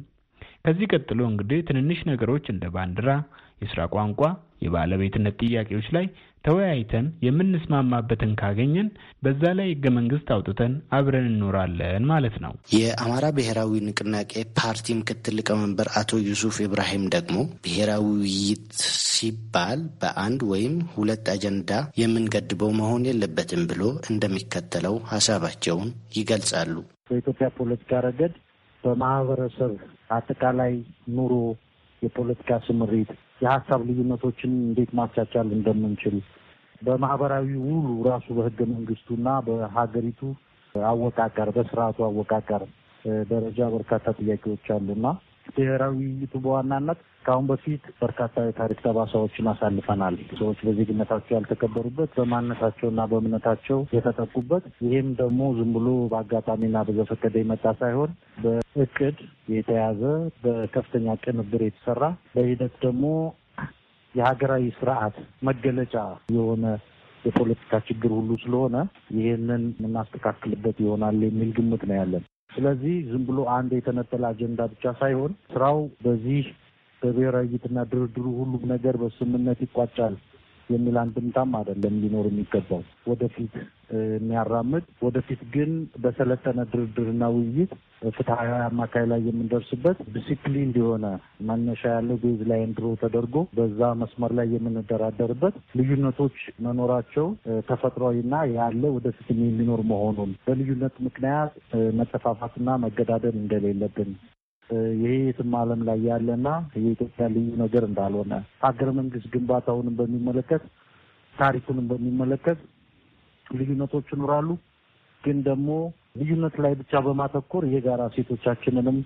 Speaker 8: ከዚህ ቀጥሎ እንግዲህ ትንንሽ ነገሮች እንደ ባንዲራ፣ የስራ ቋንቋ፣ የባለቤትነት ጥያቄዎች ላይ ተወያይተን የምንስማማበትን ካገኘን በዛ ላይ ህገ መንግስት አውጥተን አብረን እንኖራለን ማለት ነው።
Speaker 6: የአማራ ብሔራዊ ንቅናቄ ፓርቲ ምክትል ሊቀመንበር አቶ ዩሱፍ ኢብራሂም ደግሞ ብሔራዊ ውይይት ሲባል በአንድ ወይም ሁለት አጀንዳ የምንገድበው መሆን የለበትም ብሎ እንደሚከተለው ሀሳባቸውን ይገልጻሉ።
Speaker 9: በኢትዮጵያ ፖለቲካ ረገድ በማህበረሰብ አጠቃላይ ኑሮ የፖለቲካ ስምሪት የሀሳብ ልዩነቶችን እንዴት ማቻቻል እንደምንችል በማህበራዊ ውሉ ራሱ በህገ መንግስቱና በሀገሪቱ አወቃቀር በስርዓቱ አወቃቀር ደረጃ በርካታ ጥያቄዎች አሉና ብሔራዊ ውይይቱ በዋናነት ከአሁን በፊት በርካታ የታሪክ ጠባሳዎችን አሳልፈናል። ሰዎች በዜግነታቸው ያልተከበሩበት፣ በማንነታቸውና በእምነታቸው የተጠቁበት ይህም ደግሞ ዝም ብሎ በአጋጣሚና በዘፈቀደ የመጣ ሳይሆን በእቅድ የተያዘ በከፍተኛ ቅንብር የተሰራ በሂደት ደግሞ የሀገራዊ ስርዓት መገለጫ የሆነ የፖለቲካ ችግር ሁሉ ስለሆነ ይህንን የምናስተካክልበት ይሆናል የሚል ግምት ነው ያለን። ስለዚህ ዝም ብሎ አንድ የተነጠለ አጀንዳ ብቻ ሳይሆን ስራው በዚህ በብሔራዊ ውይይትና ድርድሩ ሁሉም ነገር በስምምነት ይቋጫል የሚል አንድምታም አይደለም ሊኖር የሚገባው ወደፊት የሚያራምድ ወደፊት ግን በሰለጠነ ድርድርና ውይይት ፍትሀዊ አማካይ ላይ የምንደርስበት ዲሲፕሊን የሆነ መነሻ ያለው ቤዝ ላይ እንድሮ ተደርጎ በዛ መስመር ላይ የምንደራደርበት ልዩነቶች መኖራቸው ተፈጥሯዊና ያለ ወደፊት የሚኖር መሆኑን በልዩነት ምክንያት መጠፋፋትና መገዳደል እንደሌለብን ይሄ የትም ዓለም ላይ ያለና የኢትዮጵያ ልዩ ነገር እንዳልሆነ ሀገረ መንግስት ግንባታውንም በሚመለከት ታሪኩንም በሚመለከት ልዩነቶች ይኖራሉ። ግን ደግሞ ልዩነት ላይ ብቻ በማተኮር የጋራ ሴቶቻችንንም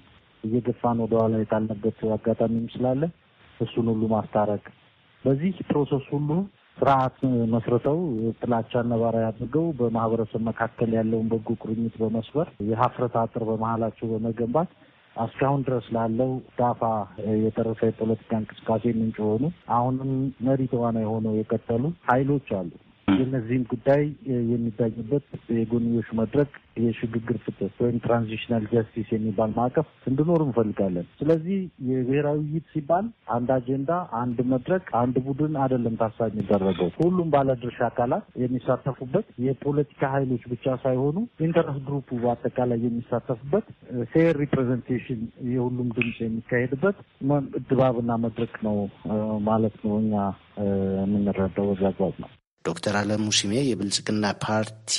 Speaker 9: እየገፋን ወደኋላ የጣልንበት አጋጣሚ ስላለ እሱን ሁሉ ማስታረቅ በዚህ ፕሮሰስ ሁሉ ስርዓት መስርተው ጥላቻ ነባራዊ አድርገው በማህበረሰብ መካከል ያለውን በጎ ቁርኝት በመስበር የሀፍረት አጥር በመሀላቸው በመገንባት እስካሁን ድረስ ላለው ዳፋ የደረሰ የፖለቲካ እንቅስቃሴ ምንጭ የሆኑ አሁንም መሪ ተዋና የሆነው የቀጠሉ ኃይሎች አሉ። የእነዚህም ጉዳይ የሚታይበት የጎንዮሽ መድረክ የሽግግር ፍትህ ወይም ትራንዚሽናል ጀስቲስ የሚባል ማዕቀፍ እንድኖር እንፈልጋለን። ስለዚህ የብሔራዊ ውይይት ሲባል አንድ አጀንዳ፣ አንድ መድረክ፣ አንድ ቡድን አይደለም ታሳ የሚደረገው ሁሉም ባለድርሻ አካላት የሚሳተፉበት የፖለቲካ ኃይሎች ብቻ ሳይሆኑ ኢንተረስት ግሩፕ በአጠቃላይ የሚሳተፉበት ፌር ሪፕሬዘንቴሽን የሁሉም ድምፅ የሚካሄድበት ድባብና መድረክ ነው ማለት ነው። እኛ የምንረዳው በዛ አግባብ ነው። ዶክተር አለሙ ስሜ የብልጽግና ፓርቲ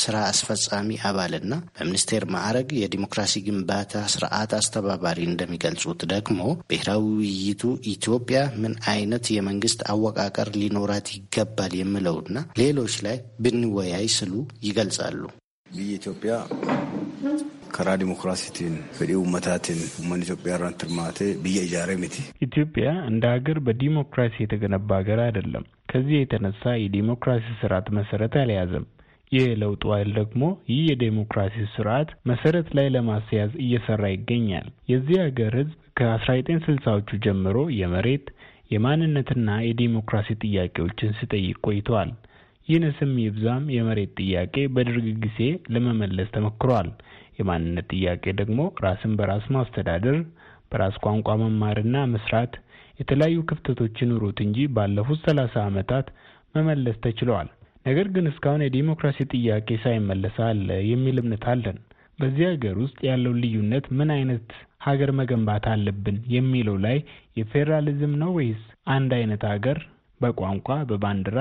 Speaker 6: ስራ አስፈጻሚ አባልና በሚኒስቴር ማዕረግ የዲሞክራሲ ግንባታ ስርዓት አስተባባሪ እንደሚገልጹት ደግሞ ብሔራዊ ውይይቱ ኢትዮጵያ ምን አይነት የመንግስት አወቃቀር ሊኖራት ይገባል የሚለውና ሌሎች ላይ ብንወያይ ስሉ
Speaker 8: ይገልጻሉ። ብይ ኢትዮጵያ ከራ ዲሞክራሲቲን ፍዲ ውመታትን
Speaker 4: መን ኢትዮጵያ ራን ትርማቴ ብየ ኢጃሬ ምቲ
Speaker 8: ኢትዮጵያ እንደ ሀገር በዲሞክራሲ የተገነባ ሀገር አይደለም። ከዚህ የተነሳ የዴሞክራሲ ስርዓት መሰረት አልያዘም። ይህ ለውጥ ኃይል ደግሞ ይህ የዴሞክራሲ ስርዓት መሰረት ላይ ለማስያዝ እየሰራ ይገኛል። የዚህ ሀገር ህዝብ ከ1960ዎቹ ጀምሮ የመሬት የማንነትና የዴሞክራሲ ጥያቄዎችን ሲጠይቅ ቆይተዋል። ስም ይብዛም የመሬት ጥያቄ በደርግ ጊዜ ለመመለስ ተሞክሯል። የማንነት ጥያቄ ደግሞ ራስን በራስ ማስተዳደር፣ በራስ ቋንቋ መማርና መስራት የተለያዩ ክፍተቶች ኑሩት እንጂ ባለፉት ሰላሳ ዓመታት መመለስ ተችለዋል። ነገር ግን እስካሁን የዲሞክራሲ ጥያቄ ሳይመለስ አለ የሚል እምነት አለን። በዚህ ሀገር ውስጥ ያለው ልዩነት ምን አይነት ሀገር መገንባት አለብን የሚለው ላይ የፌዴራሊዝም ነው ወይስ አንድ አይነት ሀገር በቋንቋ፣ በባንዲራ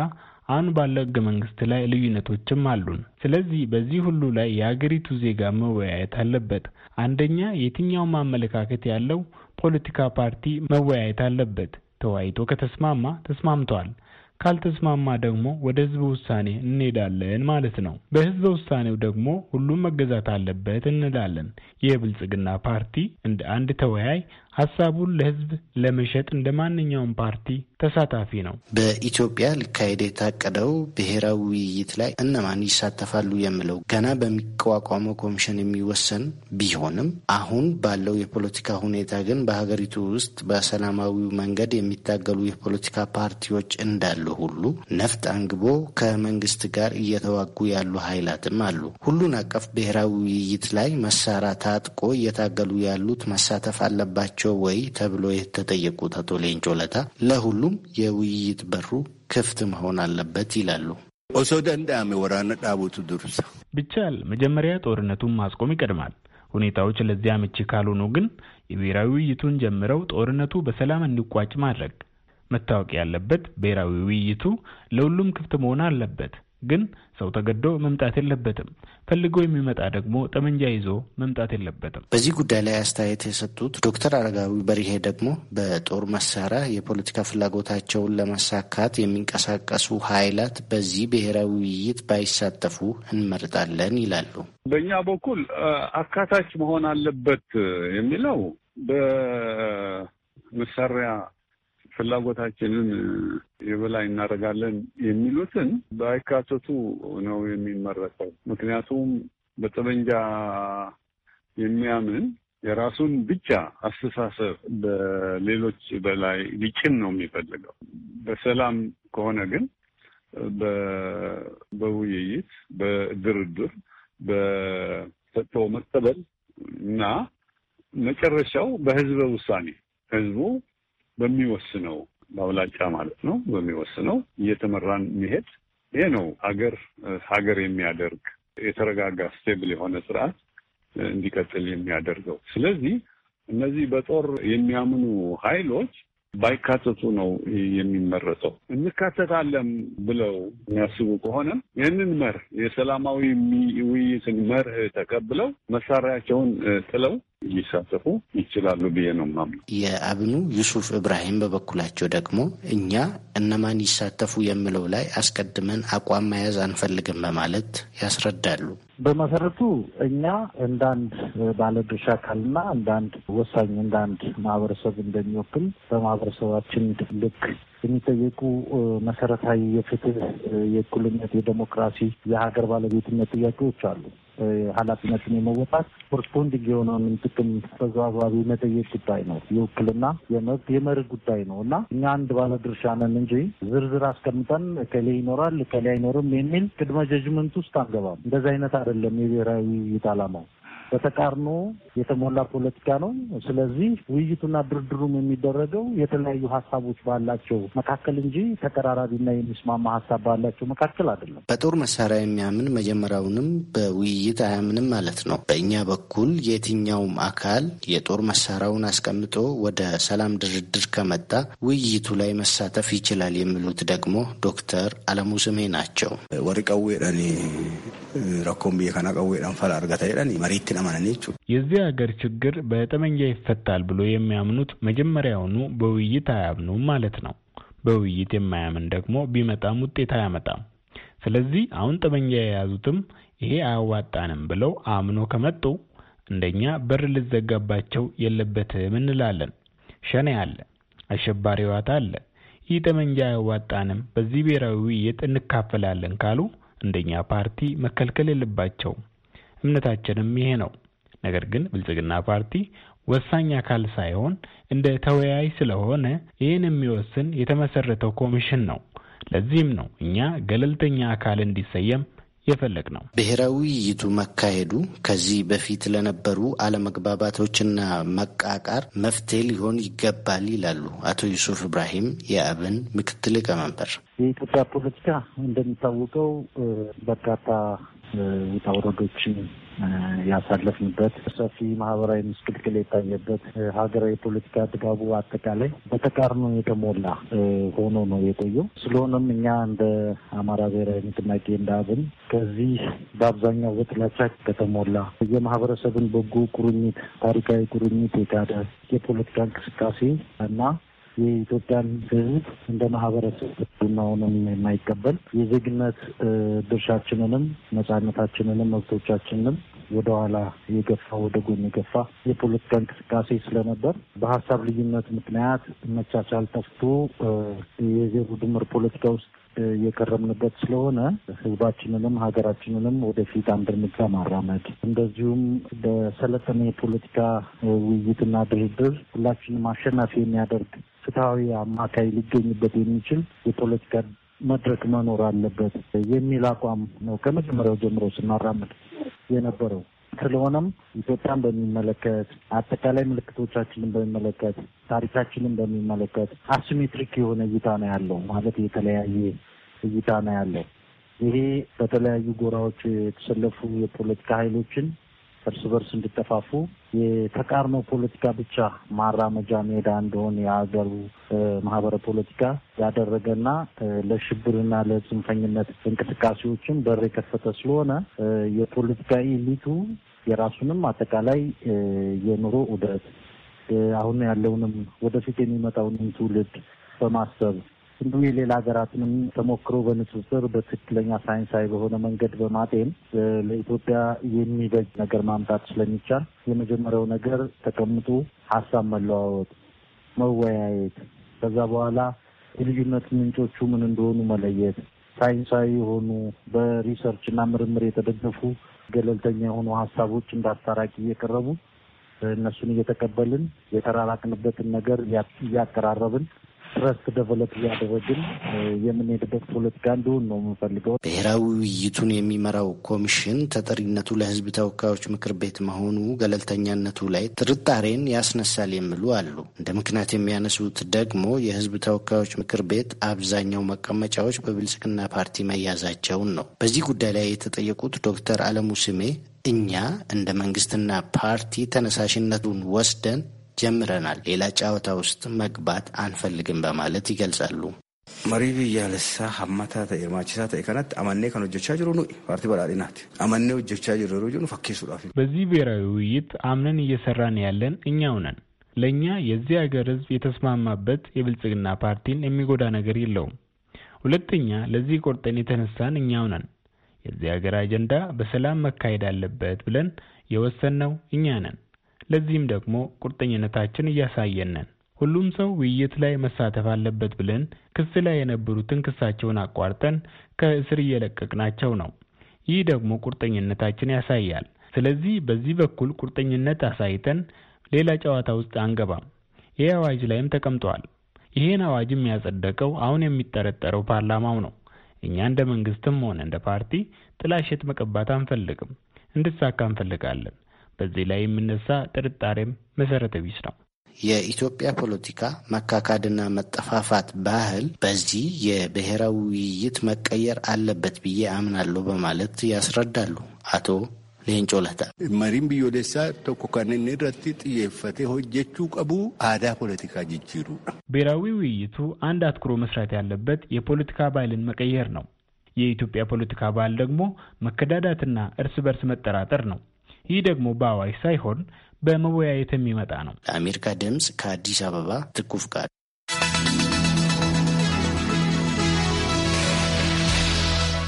Speaker 8: አሁን ባለው ህገ መንግስት ላይ ልዩነቶችም አሉን። ስለዚህ በዚህ ሁሉ ላይ የሀገሪቱ ዜጋ መወያየት አለበት። አንደኛ የትኛውም አመለካከት ያለው ፖለቲካ ፓርቲ መወያየት አለበት። ተወያይቶ ከተስማማ ተስማምተዋል፣ ካልተስማማ ደግሞ ወደ ህዝብ ውሳኔ እንሄዳለን ማለት ነው። በህዝብ ውሳኔው ደግሞ ሁሉም መገዛት አለበት እንላለን። የብልጽግና ፓርቲ እንደ አንድ ተወያይ ሀሳቡን ለህዝብ ለመሸጥ እንደ ማንኛውም ፓርቲ ተሳታፊ ነው።
Speaker 6: በኢትዮጵያ ሊካሄድ የታቀደው ብሔራዊ ውይይት ላይ እነማን ይሳተፋሉ የምለው ገና በሚቋቋመው ኮሚሽን የሚወሰን ቢሆንም አሁን ባለው የፖለቲካ ሁኔታ ግን በሀገሪቱ ውስጥ በሰላማዊው መንገድ የሚታገሉ የፖለቲካ ፓርቲዎች እንዳሉ ሁሉ ነፍጥ አንግቦ ከመንግስት ጋር እየተዋጉ ያሉ ኃይላትም አሉ። ሁሉን አቀፍ ብሔራዊ ውይይት ላይ መሳሪያ ታጥቆ እየታገሉ ያሉት መሳተፍ አለባቸው ናቸው ወይ ተብሎ የተጠየቁት አቶ ሌንጮ ለታ ለሁሉም የውይይት በሩ ክፍት መሆን አለበት ይላሉ። ኦሶ ደንዳሜ ወራነ ዳቡቱ ዱርሳ
Speaker 8: ብቻል መጀመሪያ ጦርነቱን ማስቆም ይቀድማል። ሁኔታዎች ለዚያ አመቺ ካልሆኑ ግን የብሔራዊ ውይይቱን ጀምረው ጦርነቱ በሰላም እንዲቋጭ ማድረግ መታወቅ ያለበት ብሔራዊ ውይይቱ ለሁሉም ክፍት መሆን አለበት። ግን ሰው ተገዶ መምጣት የለበትም። ፈልጎ የሚመጣ ደግሞ ጠመንጃ ይዞ መምጣት የለበትም። በዚህ ጉዳይ ላይ አስተያየት
Speaker 6: የሰጡት ዶክተር አረጋዊ በርሄ ደግሞ በጦር መሳሪያ የፖለቲካ ፍላጎታቸውን ለማሳካት የሚንቀሳቀሱ ኃይላት በዚህ ብሔራዊ ውይይት ባይሳተፉ እንመርጣለን ይላሉ።
Speaker 7: በእኛ በኩል አካታች መሆን አለበት የሚለው በመሳሪያ ፍላጎታችንን የበላይ እናደርጋለን የሚሉትን ባይካተቱ ነው የሚመረጠው። ምክንያቱም በጠመንጃ የሚያምን የራሱን ብቻ አስተሳሰብ በሌሎች በላይ ሊጭን ነው የሚፈልገው። በሰላም ከሆነ ግን በውይይት፣ በድርድር፣ በሰጥቶ መቀበል እና መጨረሻው በህዝበ ውሳኔ ህዝቡ በሚወስነው በአብላጫ ማለት ነው በሚወስነው እየተመራን መሄድ ይሄ ነው ሀገር ሀገር የሚያደርግ የተረጋጋ ስቴብል የሆነ ስርዓት እንዲቀጥል የሚያደርገው። ስለዚህ እነዚህ በጦር የሚያምኑ ኃይሎች ባይካተቱ ነው የሚመረጠው። እንካተታለን ብለው የሚያስቡ ከሆነ ይህንን መርህ የሰላማዊ ውይይትን መርህ ተቀብለው መሳሪያቸውን ጥለው ሊሳተፉ ይችላሉ ብዬ ነው የማምነው።
Speaker 6: የአብኑ ዩሱፍ እብራሂም በበኩላቸው ደግሞ እኛ እነማን ይሳተፉ የምለው ላይ አስቀድመን አቋም መያዝ አንፈልግም በማለት ያስረዳሉ።
Speaker 9: በመሰረቱ እኛ እንዳንድ ባለድርሻ አካልና እንዳንድ ወሳኝ እንዳንድ ማህበረሰብ እንደሚወክል በማህበረሰባችን ልክ የሚጠየቁ መሰረታዊ የፍትህ፣ የእኩልነት፣ የዴሞክራሲ፣ የሀገር ባለቤትነት ጥያቄዎች አሉ። ኃላፊነትን የመወጣት ኮርስፖንዲንግ የሆነውን ጥቅም ተዘዋዋቢ መጠየቅ ጉዳይ ነው። የውክልና የመብት የመርህ ጉዳይ ነው እና እኛ አንድ ባለድርሻ ነን እንጂ ዝርዝር አስቀምጠን እከሌ ይኖራል እከሌ አይኖርም የሚል ቅድመ ጀጅመንት ውስጥ አንገባም። እንደዚህ አይነት አይደለም የብሔራዊ ዓላማው። በተቃርኖ የተሞላ ፖለቲካ ነው። ስለዚህ ውይይቱና ድርድሩም የሚደረገው የተለያዩ ሀሳቦች ባላቸው መካከል እንጂ ተቀራራቢና የሚስማማ ሀሳብ ባላቸው መካከል አይደለም።
Speaker 6: በጦር መሳሪያ የሚያምን መጀመሪያውንም በውይይት አያምንም ማለት ነው። በእኛ በኩል የትኛውም አካል የጦር መሳሪያውን አስቀምጦ ወደ ሰላም ድርድር ከመጣ ውይይቱ ላይ መሳተፍ ይችላል የሚሉት ደግሞ ዶክተር አለሙ ስሜ ናቸው። ወሪ ቀዌ
Speaker 4: ረኮምብዬ ፈላ አርገተ መሬት
Speaker 8: የዚህ ሀገር ችግር በጠመንጃ ይፈታል ብሎ የሚያምኑት መጀመሪያውኑ በውይይት አያምኑም ማለት ነው። በውይይት የማያምን ደግሞ ቢመጣም ውጤት አያመጣም። ስለዚህ አሁን ጠመንጃ የያዙትም ይሄ አያዋጣንም ብለው አምኖ ከመጡ እንደኛ በር ልዘጋባቸው የለበትም እንላለን። ሸኔ አለ፣ አሸባሪ ዋታ አለ። ይህ ጠመንጃ አያዋጣንም፣ በዚህ ብሔራዊ ውይይት እንካፈላለን ካሉ እንደኛ ፓርቲ መከልከል የለባቸውም። እምነታችንም ይሄ ነው። ነገር ግን ብልጽግና ፓርቲ ወሳኝ አካል ሳይሆን እንደ ተወያይ ስለሆነ ይህን የሚወስን የተመሰረተው ኮሚሽን ነው። ለዚህም ነው እኛ ገለልተኛ አካል እንዲሰየም የፈለግ ነው። ብሔራዊ
Speaker 6: ውይይቱ መካሄዱ ከዚህ በፊት ለነበሩ አለመግባባቶችና መቃቃር መፍትሄ ሊሆን ይገባል ይላሉ አቶ ዩሱፍ ኢብራሂም የአብን ምክትል
Speaker 9: ሊቀመንበር። የኢትዮጵያ ፖለቲካ እንደሚታወቀው በርካታ ውጣ ውረዶችን ያሳለፍንበት ሰፊ ማህበራዊ ምስቅልቅል የታየበት ሀገራዊ ፖለቲካ ድባቡ አጠቃላይ በተቃርኖ የተሞላ ሆኖ ነው የቆየው። ስለሆነም እኛ እንደ አማራ ብሔራዊ ንቅናቄ እንደ አብን ከዚህ በአብዛኛው በጥላቻ ከተሞላ የማህበረሰብን በጎ ቁርኝት፣ ታሪካዊ ቁርኝት የካደ የፖለቲካ እንቅስቃሴ እና የኢትዮጵያን ሕዝብ እንደ ማህበረሰብ ቡናውንም የማይቀበል የዜግነት ድርሻችንንም ነጻነታችንንም መብቶቻችንንም ወደኋላ የገፋ ወደ ጎን የገፋ የፖለቲካ እንቅስቃሴ ስለነበር በሀሳብ ልዩነት ምክንያት መቻቻል ጠፍቶ የዜሩ ድምር ፖለቲካ ውስጥ የቀረምንበት ስለሆነ ህዝባችንንም ሀገራችንንም ወደፊት አንድ እርምጃ ማራመድ እንደዚሁም በሰለጠነ የፖለቲካ ውይይትና ድርድር ሁላችንም አሸናፊ የሚያደርግ ፍትሐዊ አማካይ ሊገኝበት የሚችል የፖለቲካ መድረክ መኖር አለበት የሚል አቋም ነው ከመጀመሪያው ጀምሮ ስናራምድ የነበረው። ስለሆነም ኢትዮጵያን በሚመለከት አጠቃላይ ምልክቶቻችንን በሚመለከት ታሪካችንን በሚመለከት አሲሜትሪክ የሆነ እይታ ነው ያለው፣ ማለት የተለያየ እይታ ነው ያለው። ይሄ በተለያዩ ጎራዎች የተሰለፉ የፖለቲካ ኃይሎችን እርስ በርስ እንዲጠፋፉ የተቃርኖ ፖለቲካ ብቻ ማራመጃ ሜዳ እንደሆነ የሀገሩ ማህበረ ፖለቲካ ያደረገና ለሽብርና ለጽንፈኝነት እንቅስቃሴዎችን በር የከፈተ ስለሆነ የፖለቲካ ኤሊቱ የራሱንም አጠቃላይ የኑሮ ውደት አሁን ያለውንም ወደፊት የሚመጣውንም ትውልድ በማሰብ እንዲሁ የሌላ ሀገራትንም ተሞክሮ በንጽጽር በትክክለኛ ሳይንሳዊ በሆነ መንገድ በማጤን ለኢትዮጵያ የሚበጅ ነገር ማምጣት ስለሚቻል የመጀመሪያው ነገር ተቀምጦ ሀሳብ መለዋወጥ፣ መወያየት፣ ከዛ በኋላ የልዩነት ምንጮቹ ምን እንደሆኑ መለየት፣ ሳይንሳዊ የሆኑ በሪሰርች እና ምርምር የተደገፉ ገለልተኛ የሆኑ ሀሳቦች እንዳስታራቂ እየቀረቡ እነሱን እየተቀበልን የተራራቅንበትን ነገር እያቀራረብን ትረስት ደቨሎፕ እያደረግን የምንሄድበት ፖለቲካ እንዲሆን ነው የምንፈልገው። ብሔራዊ ውይይቱን የሚመራው ኮሚሽን
Speaker 6: ተጠሪነቱ ለሕዝብ ተወካዮች ምክር ቤት መሆኑ ገለልተኛነቱ ላይ ጥርጣሬን ያስነሳል የሚሉ አሉ። እንደ ምክንያት የሚያነሱት ደግሞ የሕዝብ ተወካዮች ምክር ቤት አብዛኛው መቀመጫዎች በብልጽግና ፓርቲ መያዛቸውን ነው። በዚህ ጉዳይ ላይ የተጠየቁት ዶክተር አለሙ ስሜ እኛ እንደ መንግስትና ፓርቲ ተነሳሽነቱን ወስደን ጀምረናል፣ ሌላ ጨዋታ ውስጥ መግባት አንፈልግም በማለት ይገልጻሉ። መሪ
Speaker 5: ብያለሳ ሀማታ ተ ማችሳ ተ ከናት አማኔ ከን ሆጀቻ ጅሮ ኑ ፓርቲ በላዲናት አማኔ
Speaker 4: ሆጀቻ ጅሩ ጅኑ ፈኬሱዳፊ
Speaker 8: በዚህ ብሔራዊ ውይይት አምነን እየሰራን ያለን እኛው ነን። ለእኛ የዚህ ሀገር ህዝብ የተስማማበት የብልጽግና ፓርቲን የሚጎዳ ነገር የለውም። ሁለተኛ ለዚህ ቆርጠን የተነሳን እኛው ነን። የዚህ ሀገር አጀንዳ በሰላም መካሄድ አለበት ብለን የወሰን ነው እኛ ነን። ለዚህም ደግሞ ቁርጠኝነታችን እያሳየንን ሁሉም ሰው ውይይት ላይ መሳተፍ አለበት ብለን ክስ ላይ የነበሩትን ክሳቸውን አቋርጠን ከእስር እየለቀቅናቸው ነው። ይህ ደግሞ ቁርጠኝነታችን ያሳያል። ስለዚህ በዚህ በኩል ቁርጠኝነት አሳይተን ሌላ ጨዋታ ውስጥ አንገባም። ይህ አዋጅ ላይም ተቀምጧል። ይህን አዋጅ የሚያጸደቀው አሁን የሚጠረጠረው ፓርላማው ነው። እኛ እንደ መንግስትም ሆነ እንደ ፓርቲ ጥላሸት መቀባት አንፈልግም፣ እንድሳካ እንፈልጋለን። በዚህ ላይ የሚነሳ ጥርጣሬም መሰረተ ቢስ ነው።
Speaker 6: የኢትዮጵያ ፖለቲካ መካካድና መጠፋፋት ባህል በዚህ የብሔራዊ ውይይት መቀየር አለበት ብዬ አምናለሁ በማለት ያስረዳሉ አቶ ሌንጮ ለታ።
Speaker 8: ብዮሌሳ ቶኮ ከንን ረት ጥየፈቴ ሆጀቹ
Speaker 3: ቀቡ አዳ ፖለቲካ ጅጅሩ
Speaker 8: ብሔራዊ ውይይቱ አንድ አትኩሮ መስራት ያለበት የፖለቲካ ባህልን መቀየር ነው። የኢትዮጵያ ፖለቲካ ባህል ደግሞ መከዳዳትና እርስ በርስ መጠራጠር ነው። ይህ ደግሞ በአዋጅ ሳይሆን በመወያየት የሚመጣ ነው።
Speaker 2: ለአሜሪካ ድምፅ ከአዲስ አበባ ትኩ ፍቃድ።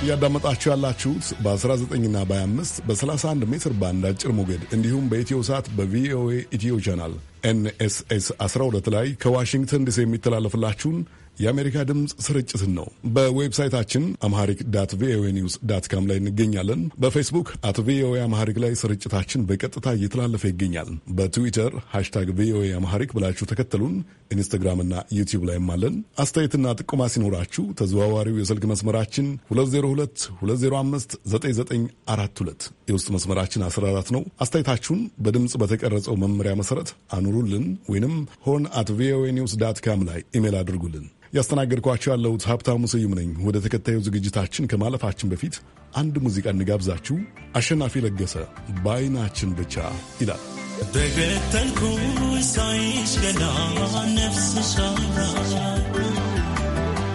Speaker 2: እያዳመጣችሁ ያላችሁት በ19ና በ25 በ31 ሜትር ባንድ አጭር ሞገድ እንዲሁም በኢትዮ ሰዓት በቪኦኤ ኢትዮ ቻናል ኤንኤስኤስ 12 ላይ ከዋሽንግተን ዲሲ የሚተላለፍላችሁን የአሜሪካ ድምፅ ስርጭትን ነው። በዌብሳይታችን አምሃሪክ ዳት ቪኦኤ ኒውስ ዳት ካም ላይ እንገኛለን። በፌስቡክ አት ቪኦኤ አምሃሪክ ላይ ስርጭታችን በቀጥታ እየተላለፈ ይገኛል። በትዊተር ሃሽታግ ቪኦኤ አምሃሪክ ብላችሁ ተከተሉን። ኢንስታግራም እና ዩቲዩብ ላይም አለን። አስተያየትና ጥቆማ ሲኖራችሁ ተዘዋዋሪው የስልክ መስመራችን 2022059942 የውስጥ መስመራችን 14 ነው። አስተያየታችሁን በድምፅ በተቀረጸው መመሪያ መሰረት አኑሩልን ወይንም ሆን አት ቪኦኤ ኒውስ ዳት ካም ላይ ኢሜል አድርጉልን። ያስተናገድኳቸው ያለሁት ሀብታሙ ስዩም ነኝ። ወደ ተከታዩ ዝግጅታችን ከማለፋችን በፊት አንድ ሙዚቃ እንጋብዛችሁ። አሸናፊ ለገሰ በአይናችን ብቻ ይላል።
Speaker 10: بقتلكوش صايش قلع نفس شعرك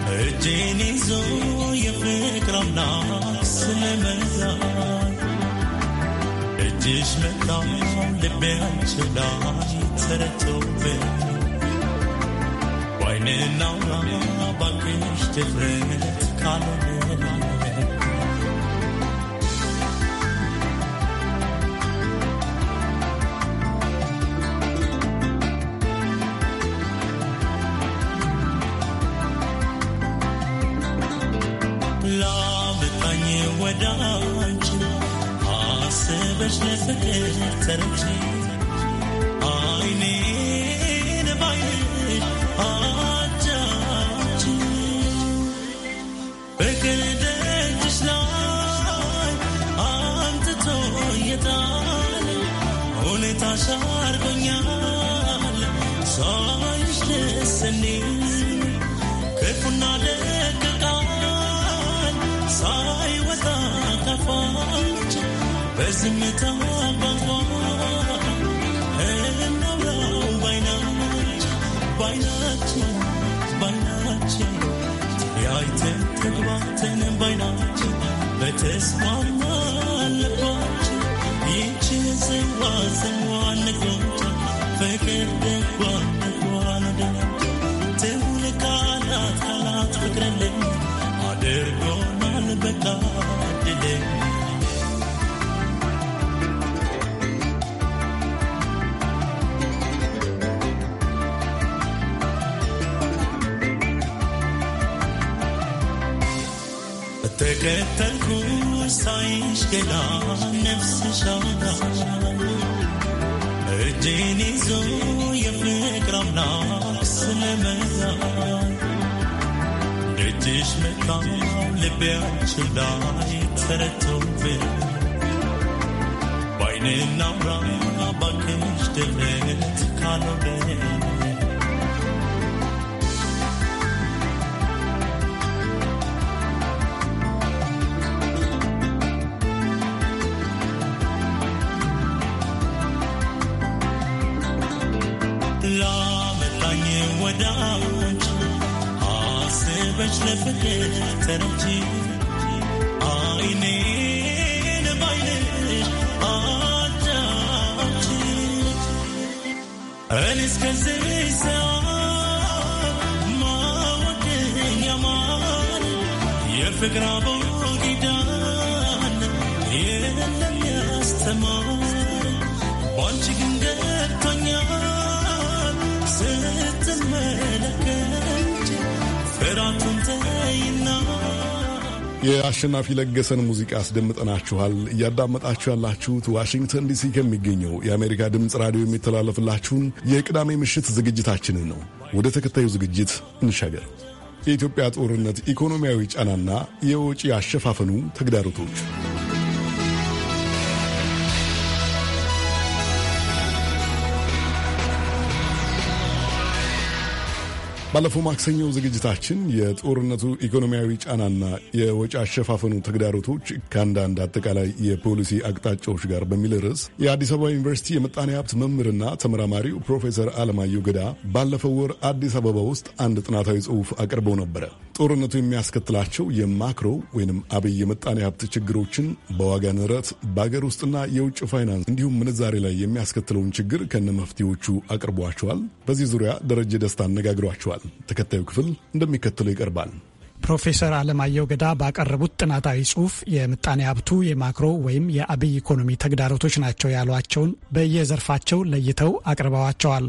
Speaker 10: ارجيني زوي فكرة منعكس لمزاج እጅሽ መጣም ልቤያችን ላይ ተረቶበት ወይንና ባክሽ ድፍረት ካልሆነ ፍቅር ተረጂ ግባትን ባይናችን በተስማማ ልባችን ይህችን ጽዋ ስሟ ፍቅር مشكلة نفس شغلة اديني زوية فيك رمنا سلمة نديش مكان لبيعت شلاي ترتو بي بين النورة بكش دلت كانو بي
Speaker 2: አሸናፊ ለገሰን ሙዚቃ አስደምጠናችኋል። እያዳመጣችሁ ያላችሁት ዋሽንግተን ዲሲ ከሚገኘው የአሜሪካ ድምፅ ራዲዮ የሚተላለፍላችሁን የቅዳሜ ምሽት ዝግጅታችንን ነው። ወደ ተከታዩ ዝግጅት እንሻገር። የኢትዮጵያ ጦርነት ኢኮኖሚያዊ ጫናና የወጪ አሸፋፈኑ ተግዳሮቶች ባለፈው ማክሰኞ ዝግጅታችን የጦርነቱ ኢኮኖሚያዊ ጫናና የወጪ አሸፋፈኑ ተግዳሮቶች ከአንዳንድ አጠቃላይ የፖሊሲ አቅጣጫዎች ጋር በሚል ርዕስ የአዲስ አበባ ዩኒቨርሲቲ የምጣኔ ሀብት መምህርና ተመራማሪው ፕሮፌሰር አለማየሁ ገዳ ባለፈው ወር አዲስ አበባ ውስጥ አንድ ጥናታዊ ጽሑፍ አቅርበው ነበረ። ጦርነቱ የሚያስከትላቸው የማክሮ ወይንም አብይ የምጣኔ ሀብት ችግሮችን በዋጋ ንረት፣ በአገር ውስጥና የውጭ ፋይናንስ እንዲሁም ምንዛሬ ላይ የሚያስከትለውን ችግር ከነ መፍትሄዎቹ አቅርቧቸዋል። በዚህ ዙሪያ ደረጀ ደስታ አነጋግሯቸዋል። ተከታዩ ክፍል እንደሚከተለው ይቀርባል።
Speaker 11: ፕሮፌሰር አለማየሁ ገዳ ባቀረቡት ጥናታዊ ጽሁፍ የምጣኔ ሀብቱ የማክሮ ወይም የአብይ ኢኮኖሚ ተግዳሮቶች ናቸው ያሏቸውን በየዘርፋቸው ለይተው አቅርበዋቸዋል።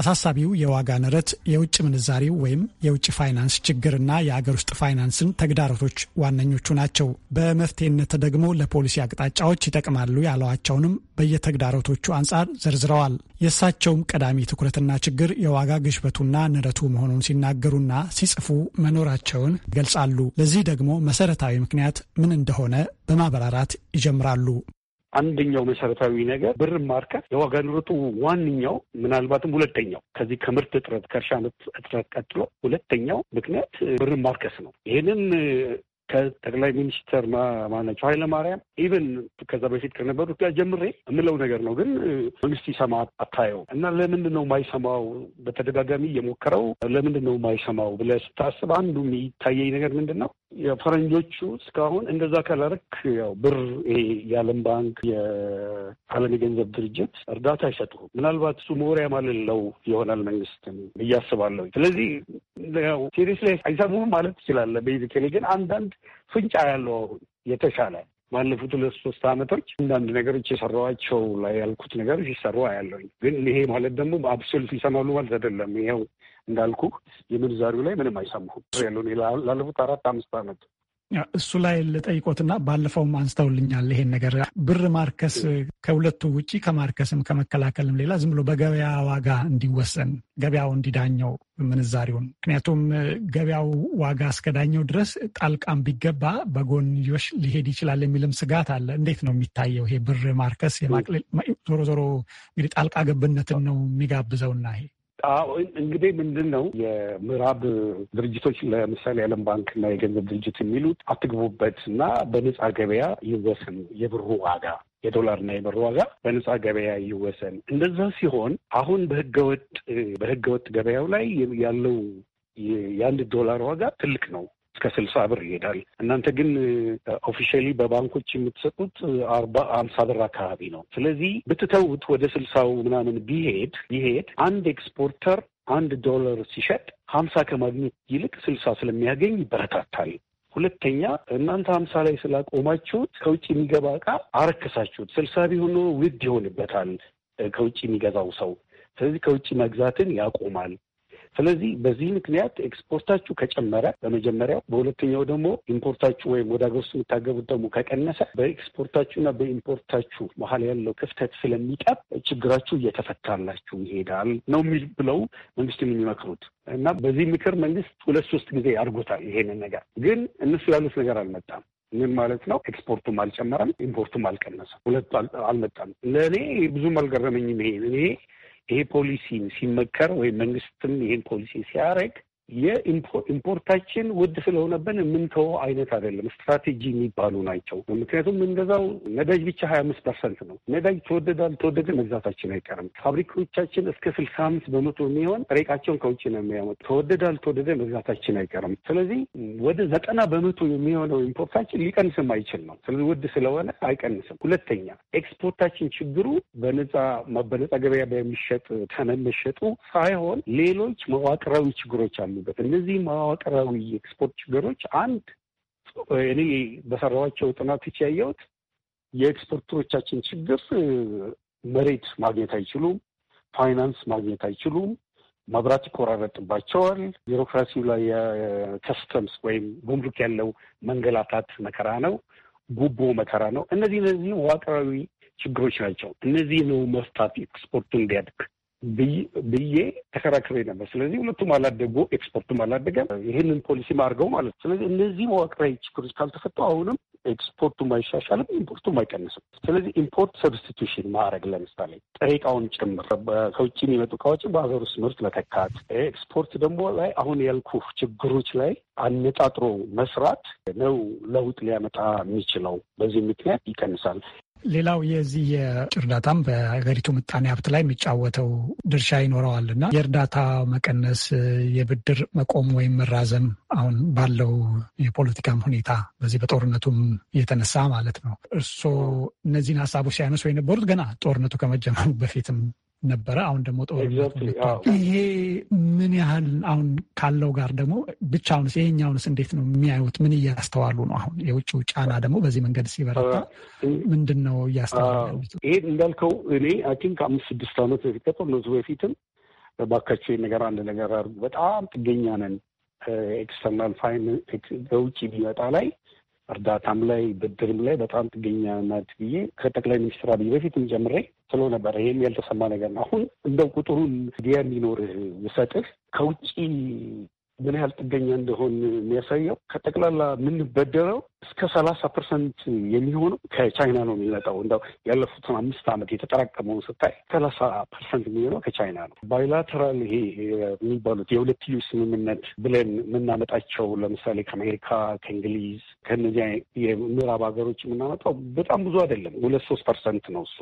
Speaker 11: አሳሳቢው የዋጋ ንረት፣ የውጭ ምንዛሪው ወይም የውጭ ፋይናንስ ችግርና የአገር ውስጥ ፋይናንስን ተግዳሮቶች ዋነኞቹ ናቸው። በመፍትሄነት ደግሞ ለፖሊሲ አቅጣጫዎች ይጠቅማሉ ያሏቸውንም በየተግዳሮቶቹ አንጻር ዘርዝረዋል። የእሳቸውም ቀዳሚ ትኩረትና ችግር የዋጋ ግሽበቱና ንረቱ መሆኑን ሲናገሩና ሲጽፉ መኖራቸውን ይገልጻሉ። ለዚህ ደግሞ መሰረታዊ ምክንያት ምን እንደሆነ በማብራራት ይጀምራሉ።
Speaker 5: አንደኛው መሰረታዊ ነገር ብር ማርከስ የዋጋ ንረቱ ዋነኛው ምናልባትም ሁለተኛው ከዚህ ከምርት እጥረት ከእርሻ ምርት እጥረት ቀጥሎ ሁለተኛው ምክንያት ብር ማርከስ ነው። ይህንን ከጠቅላይ ሚኒስተር ማናቸው ኃይለማርያም ኢቨን ከዛ በፊት ከነበሩት ጋር ጀምሬ የምለው ነገር ነው። ግን መንግስት ይሰማ አታየው እና ለምንድን ነው ማይሰማው? በተደጋጋሚ እየሞከረው ለምንድን ነው ማይሰማው ብለህ ስታስብ አንዱ የሚታየኝ ነገር ምንድን ነው የፈረንጆቹ እስካሁን እንደዛ ካላረክ ያው ብር ይሄ የዓለም ባንክ የዓለም የገንዘብ ድርጅት እርዳታ አይሰጡም። ምናልባት እሱ መሪያ ማለለው ይሆናል መንግስትን እያስባለሁ። ስለዚህ ያው ሴሪስ ላይ አይሰሙም ማለት ትችላለ። ቤዚካሊ ግን አንዳንድ ፍንጫ ያለው አሁን የተሻለ ባለፉት ሁለት ሶስት አመቶች አንዳንድ ነገሮች የሰራዋቸው ላይ ያልኩት ነገሮች ይሰሩ አያለሁኝ። ግን ይሄ ማለት ደግሞ አብሶሉት ይሰማሉ ማለት አይደለም። ይኸው እንዳልኩ የምንዛሪው ላይ ምንም አይሰማሁም ያለውን ላለፉት አራት አምስት አመት
Speaker 11: እሱ ላይ ልጠይቆትና ባለፈውም አንስተውልኛል ይሄን ነገር ብር ማርከስ ከሁለቱ ውጪ ከማርከስም ከመከላከልም ሌላ ዝም ብሎ በገበያ ዋጋ እንዲወሰን ገበያው እንዲዳኘው ምንዛሪውን ምክንያቱም ገበያው ዋጋ እስከዳኘው ድረስ ጣልቃም ቢገባ በጎንዮሽ ሊሄድ ይችላል የሚልም ስጋት አለ። እንዴት ነው የሚታየው ይሄ ብር ማርከስ የማቅለል ዞሮ ዞሮ እንግዲህ ጣልቃ ገብነትን ነው የሚጋብዘውና
Speaker 12: ይሄ
Speaker 5: አዎ እንግዲህ ምንድን ነው የምዕራብ ድርጅቶች ለምሳሌ ዓለም ባንክ እና የገንዘብ ድርጅት የሚሉት አትግቡበት እና በነፃ ገበያ ይወሰን የብሩ ዋጋ የዶላርና የብር ዋጋ በነፃ ገበያ ይወሰን። እንደዛ ሲሆን አሁን በህገወጥ በህገወጥ ገበያው ላይ ያለው የአንድ ዶላር ዋጋ ትልቅ ነው። እስከ ስልሳ ብር ይሄዳል። እናንተ ግን ኦፊሻሊ በባንኮች የምትሰጡት አርባ አምሳ ብር አካባቢ ነው። ስለዚህ ብትተውት ወደ ስልሳው ምናምን ቢሄድ ይሄድ አንድ ኤክስፖርተር አንድ ዶላር ሲሸጥ ሀምሳ ከማግኘት ይልቅ ስልሳ ስለሚያገኝ ይበረታታል። ሁለተኛ እናንተ ሀምሳ ላይ ስላቆማችሁት ከውጭ የሚገባ እቃ አረክሳችሁት። ስልሳ ቢሆን ውድ ይሆንበታል ከውጭ የሚገዛው ሰው። ስለዚህ ከውጭ መግዛትን ያቆማል። ስለዚህ በዚህ ምክንያት ኤክስፖርታችሁ ከጨመረ በመጀመሪያው፣ በሁለተኛው ደግሞ ኢምፖርታችሁ ወይም ወደ ሀገር ውስጥ የምታገቡት ደግሞ ከቀነሰ በኤክስፖርታችሁና በኢምፖርታችሁ መሀል ያለው ክፍተት ስለሚጠብ ችግራችሁ እየተፈታላችሁ ይሄዳል ነው የሚል ብለው መንግስት የሚመክሩት እና በዚህ ምክር መንግስት ሁለት ሶስት ጊዜ አድርጎታል። ይሄንን ነገር ግን እነሱ ያሉት ነገር አልመጣም። ምን ማለት ነው? ኤክስፖርቱም አልጨመረም፣ ኢምፖርቱም አልቀነሰም፣ ሁለቱ አልመጣም። ለእኔ ብዙም አልገረመኝም። ይሄ እኔ ይሄ ፖሊሲ ሲመከር ወይም መንግስትም ይሄን ፖሊሲ ሲያደርግ የኢምፖርታችን ውድ ስለሆነብን የምንተወ አይነት አይደለም። ስትራቴጂ የሚባሉ ናቸው። ምክንያቱም እንደዛው ነዳጅ ብቻ ሀያ አምስት ፐርሰንት ነው። ነዳጅ ተወደደ አልተወደደ መግዛታችን አይቀርም። ፋብሪካዎቻችን እስከ ስልሳ አምስት በመቶ የሚሆን ሬቃቸውን ከውጭ ነው የሚያመጡ። ተወደደ አልተወደደ መግዛታችን አይቀርም። ስለዚህ ወደ ዘጠና በመቶ የሚሆነው ኢምፖርታችን ሊቀንስም አይችል ነው። ስለዚህ ውድ ስለሆነ አይቀንስም። ሁለተኛ ኤክስፖርታችን ችግሩ በነጻ በነጻ ገበያ በሚሸጥ ተነመሸጡ ሳይሆን ሌሎች መዋቅራዊ ችግሮች አሉ። ያሉበት። እነዚህ መዋቅራዊ የኤክስፖርት ችግሮች አንድ እኔ በሰራኋቸው ጥናቶች ያየሁት የኤክስፖርተሮቻችን ችግር መሬት ማግኘት አይችሉም፣ ፋይናንስ ማግኘት አይችሉም፣ መብራት ይቆራረጥባቸዋል። ቢሮክራሲው ላይ የከስተምስ ወይም ጉምሩክ ያለው መንገላታት መከራ ነው፣ ጉቦ መከራ ነው። እነዚህ እነዚህ መዋቅራዊ ችግሮች ናቸው። እነዚህ ነው መፍታት ኤክስፖርቱ እንዲያድግ ብዬ ተከራክሬ ነበር። ስለዚህ ሁለቱም አላደጉ፣ ኤክስፖርቱም አላደገም። ይህንን ፖሊሲም አድርገው ማለት ነው። ስለዚህ እነዚህ መዋቅራዊ ችግሮች ካልተፈቱ አሁንም ኤክስፖርቱም አይሻሻልም፣ ኢምፖርቱም አይቀንስም። ስለዚህ ኢምፖርት ሰብስቲቱሽን ማድረግ ለምሳሌ ጥሬ ዕቃውን ጭምር ከውጭ የሚመጡ እቃዎች በሀገር ውስጥ ምርት መተካት፣ ኤክስፖርት ደግሞ ላይ አሁን ያልኩ ችግሮች ላይ አነጣጥሮ መስራት ነው ለውጥ ሊያመጣ የሚችለው። በዚህ ምክንያት ይቀንሳል።
Speaker 11: ሌላው የዚህ የውጭ እርዳታም በሀገሪቱ ምጣኔ ሀብት ላይ የሚጫወተው ድርሻ ይኖረዋል እና የእርዳታ መቀነስ፣ የብድር መቆም ወይም መራዘም አሁን ባለው የፖለቲካም ሁኔታ በዚህ በጦርነቱም የተነሳ ማለት ነው። እርስዎ እነዚህን ሀሳቦች ሲያነሱ የነበሩት ገና ጦርነቱ ከመጀመሩ በፊትም ነበረ። አሁን ደግሞ ጦርነት ይሄ ምን ያህል አሁን ካለው ጋር ደግሞ ብቻውንስ ይሄኛውንስ እንዴት ነው የሚያዩት? ምን እያስተዋሉ ነው? አሁን የውጭው ጫና ደግሞ በዚህ መንገድ ሲበረታ ምንድን ነው እያስተዋሉ?
Speaker 5: ይሄ እንዳልከው እኔ አይ ቲንክ አምስት ስድስት ዓመት በፊት ከጦርነቱ በፊትም ባካቸው ነገር አንድ ነገር አድርጉ፣ በጣም ጥገኛ ነን ኤክስተርናል ፋይን በውጭ ቢመጣ ላይ እርዳታም ላይ ብድርም ላይ በጣም ጥገኛ ናት ብዬ ከጠቅላይ ሚኒስትር አብይ በፊትም ጀምሬ ስሎ ነበረ። ይህም ያልተሰማ ነገር ነው። አሁን እንደው ቁጥሩን ዲያ የሚኖርህ ውሰጥህ ከውጭ ምን ያህል ጥገኛ እንደሆን የሚያሳየው ከጠቅላላ የምንበደረው እስከ ሰላሳ ፐርሰንት የሚሆነው ከቻይና ነው የሚመጣው። እንደው ያለፉትን አምስት ዓመት የተጠራቀመውን ስታይ ሰላሳ ፐርሰንት የሚሆነው ከቻይና ነው። ባይላተራል ይሄ የሚባሉት የሁለትዮሽ ስምምነት ብለን የምናመጣቸው ለምሳሌ ከአሜሪካ፣ ከእንግሊዝ ከእነዚያ የምዕራብ ሀገሮች የምናመጣው በጣም ብዙ አይደለም፣ ሁለት ሶስት ፐርሰንት ነው እሱ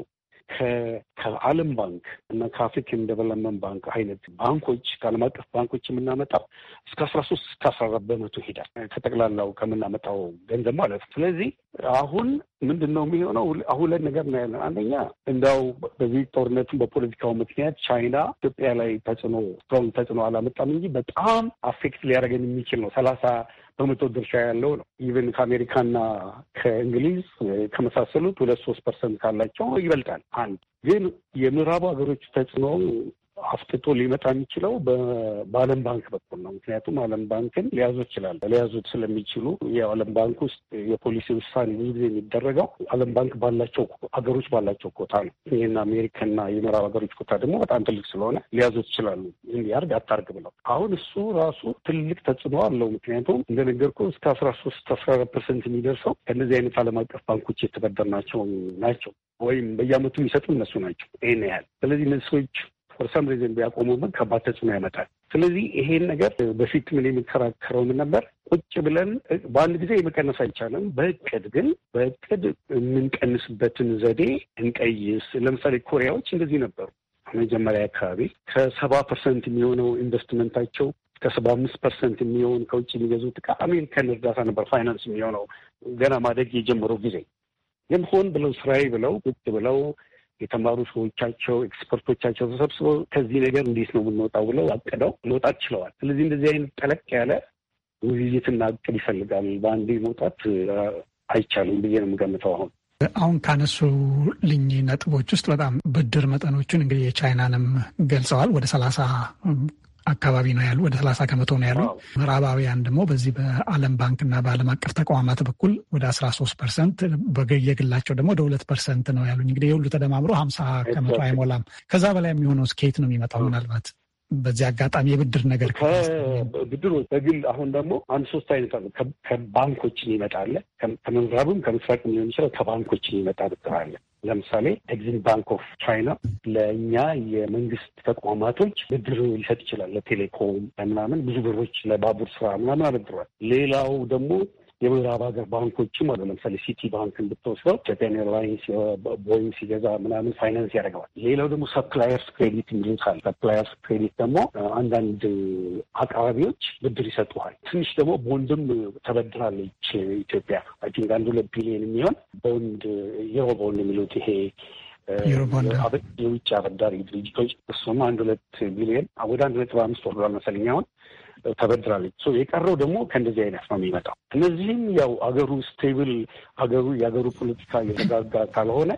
Speaker 5: ከዓለም ባንክ እና ከአፍሪካን ዴቨሎፕመንት ባንክ አይነት ባንኮች ከዓለም አቀፍ ባንኮች የምናመጣው እስከ አስራ ሶስት እስከ አስራ አራት በመቶ ይሄዳል ከጠቅላላው ከምናመጣው ገንዘብ ማለት ነው። ስለዚህ አሁን ምንድን ነው የሚሆነው? አሁን ነገር ነው ያለን። አንደኛ እንዳው በዚህ ጦርነቱን በፖለቲካው ምክንያት ቻይና ኢትዮጵያ ላይ ተጽዕኖ ተጽዕኖ አላመጣም እንጂ በጣም አፌክት ሊያደርገን የሚችል ነው ሰላሳ በመቶ ድርሻ ያለው ነው። ኢቨን ከአሜሪካና ከእንግሊዝ ከመሳሰሉት ሁለት ሶስት ፐርሰንት ካላቸው ይበልጣል። አንድ ግን የምዕራቡ ሀገሮች ተጽዕኖ አፍትቶ ሊመጣ የሚችለው በዓለም ባንክ በኩል ነው። ምክንያቱም ዓለም ባንክን ሊያዙ ይችላል ሊያዙት ስለሚችሉ የዓለም ባንክ ውስጥ የፖሊሲ ውሳኔ ብዙ ጊዜ የሚደረገው ዓለም ባንክ ባላቸው ሀገሮች ባላቸው ኮታ ነው። ይህን አሜሪካና የምዕራብ ሀገሮች ኮታ ደግሞ በጣም ትልቅ ስለሆነ ሊያዙ ይችላሉ። እንዲያርግ አታርግ ብለው አሁን እሱ ራሱ ትልቅ ተጽዕኖ አለው። ምክንያቱም እንደነገርኩ እስከ አስራ ሶስት አስራ አራት ፐርሰንት የሚደርሰው ከእነዚህ አይነት ዓለም አቀፍ ባንኮች የተበደር ናቸው ወይም በየአመቱ የሚሰጡ እነሱ ናቸው። ይህን ያህል ስለዚህ እነዚህ ሰዎች ፎርሰም ሪዝን ቢያቆሙብን ከባድ ተጽዕኖ ያመጣል። ስለዚህ ይሄን ነገር በፊት ምን የሚከራከረው ምን ነበር? ቁጭ ብለን በአንድ ጊዜ የመቀነስ አይቻልም። በእቅድ ግን በእቅድ የምንቀንስበትን ዘዴ እንቀይስ። ለምሳሌ ኮሪያዎች እንደዚህ ነበሩ። መጀመሪያ አካባቢ ከሰባ ፐርሰንት የሚሆነው ኢንቨስትመንታቸው ከሰባ አምስት ፐርሰንት የሚሆን ከውጭ የሚገዙት ዕቃ አሜሪካን እርዳታ ነበር ፋይናንስ የሚሆነው ገና ማደግ የጀመረው ጊዜ ግን ሆን ብለው ስራዬ ብለው ቁጭ ብለው የተማሩ ሰዎቻቸው ኤክስፐርቶቻቸው ተሰብስበው ከዚህ ነገር እንዴት ነው የምንወጣው ብለው አቅደው መውጣት ችለዋል። ስለዚህ እንደዚህ አይነት ጠለቅ ያለ ውይይትና እቅድ ይፈልጋል። በአንዴ መውጣት አይቻልም ብዬ ነው የምገምተው አሁን
Speaker 11: አሁን ካነሱ ልኝ ነጥቦች ውስጥ በጣም ብድር መጠኖቹን እንግዲህ የቻይናንም ገልጸዋል። ወደ ሰላሳ አካባቢ ነው ያሉ ወደ 30 ከመቶ ነው ያሉ። ምዕራባውያን ደግሞ በዚህ በዓለም እና በዓለም አቀፍ ተቋማት በኩል ወደ 13 ፐርሰንት፣ በየግላቸው ደግሞ ወደ ሁለት ፐርሰንት ነው ያሉ። እንግዲህ የሁሉ ተደማምሮ 50 ከመቶ አይሞላም። ከዛ በላይ የሚሆነው ስኬት ነው የሚመጣው ምናልባት
Speaker 5: በዚህ አጋጣሚ የብድር ነገር ብድሩ በግል አሁን ደግሞ አንድ ሶስት አይነት አሉ። ከባንኮችን ይመጣለ ከመንራብም ከምስራቅ ሊሆን ይችላል። ከባንኮችን ይመጣ ብድር አለ። ለምሳሌ ኤግዚም ባንክ ኦፍ ቻይና ለእኛ የመንግስት ተቋማቶች ብድር ሊሰጥ ይችላል። ለቴሌኮም ለምናምን ብዙ ብሮች ለባቡር ስራ ምናምን አበድሯል። ሌላው ደግሞ የምዕራብ ሀገር ባንኮችም አሉ። ለምሳሌ ሲቲ ባንክን ብትወስደው ኢትዮጵያን ኤርላይንስ ቦይንግ ሲገዛ ምናምን ፋይናንስ ያደርገዋል። ሌላው ደግሞ ሰፕላየርስ ክሬዲት ይሉታል። ሰፕላየርስ ክሬዲት ደግሞ አንዳንድ አቅራቢዎች ብድር ይሰጡሃል። ትንሽ ደግሞ ቦንድም ተበድራለች ኢትዮጵያ አይ ቲንክ አንድ ሁለት ቢሊዮን የሚሆን ቦንድ ዩሮ ቦንድ የሚሉት ይሄ የውጭ አበዳሪ ድርጅቶች እሱም አንድ ሁለት ቢሊዮን ወደ አንድ ነጥብ አምስት ወርዷል መሰለኝ አሁን ተበድራለች። የቀረው ደግሞ ከእንደዚህ አይነት ነው የሚመጣው። እነዚህም ያው አገሩ ስቴብል አገሩ የአገሩ ፖለቲካ እየተረጋጋ ካልሆነ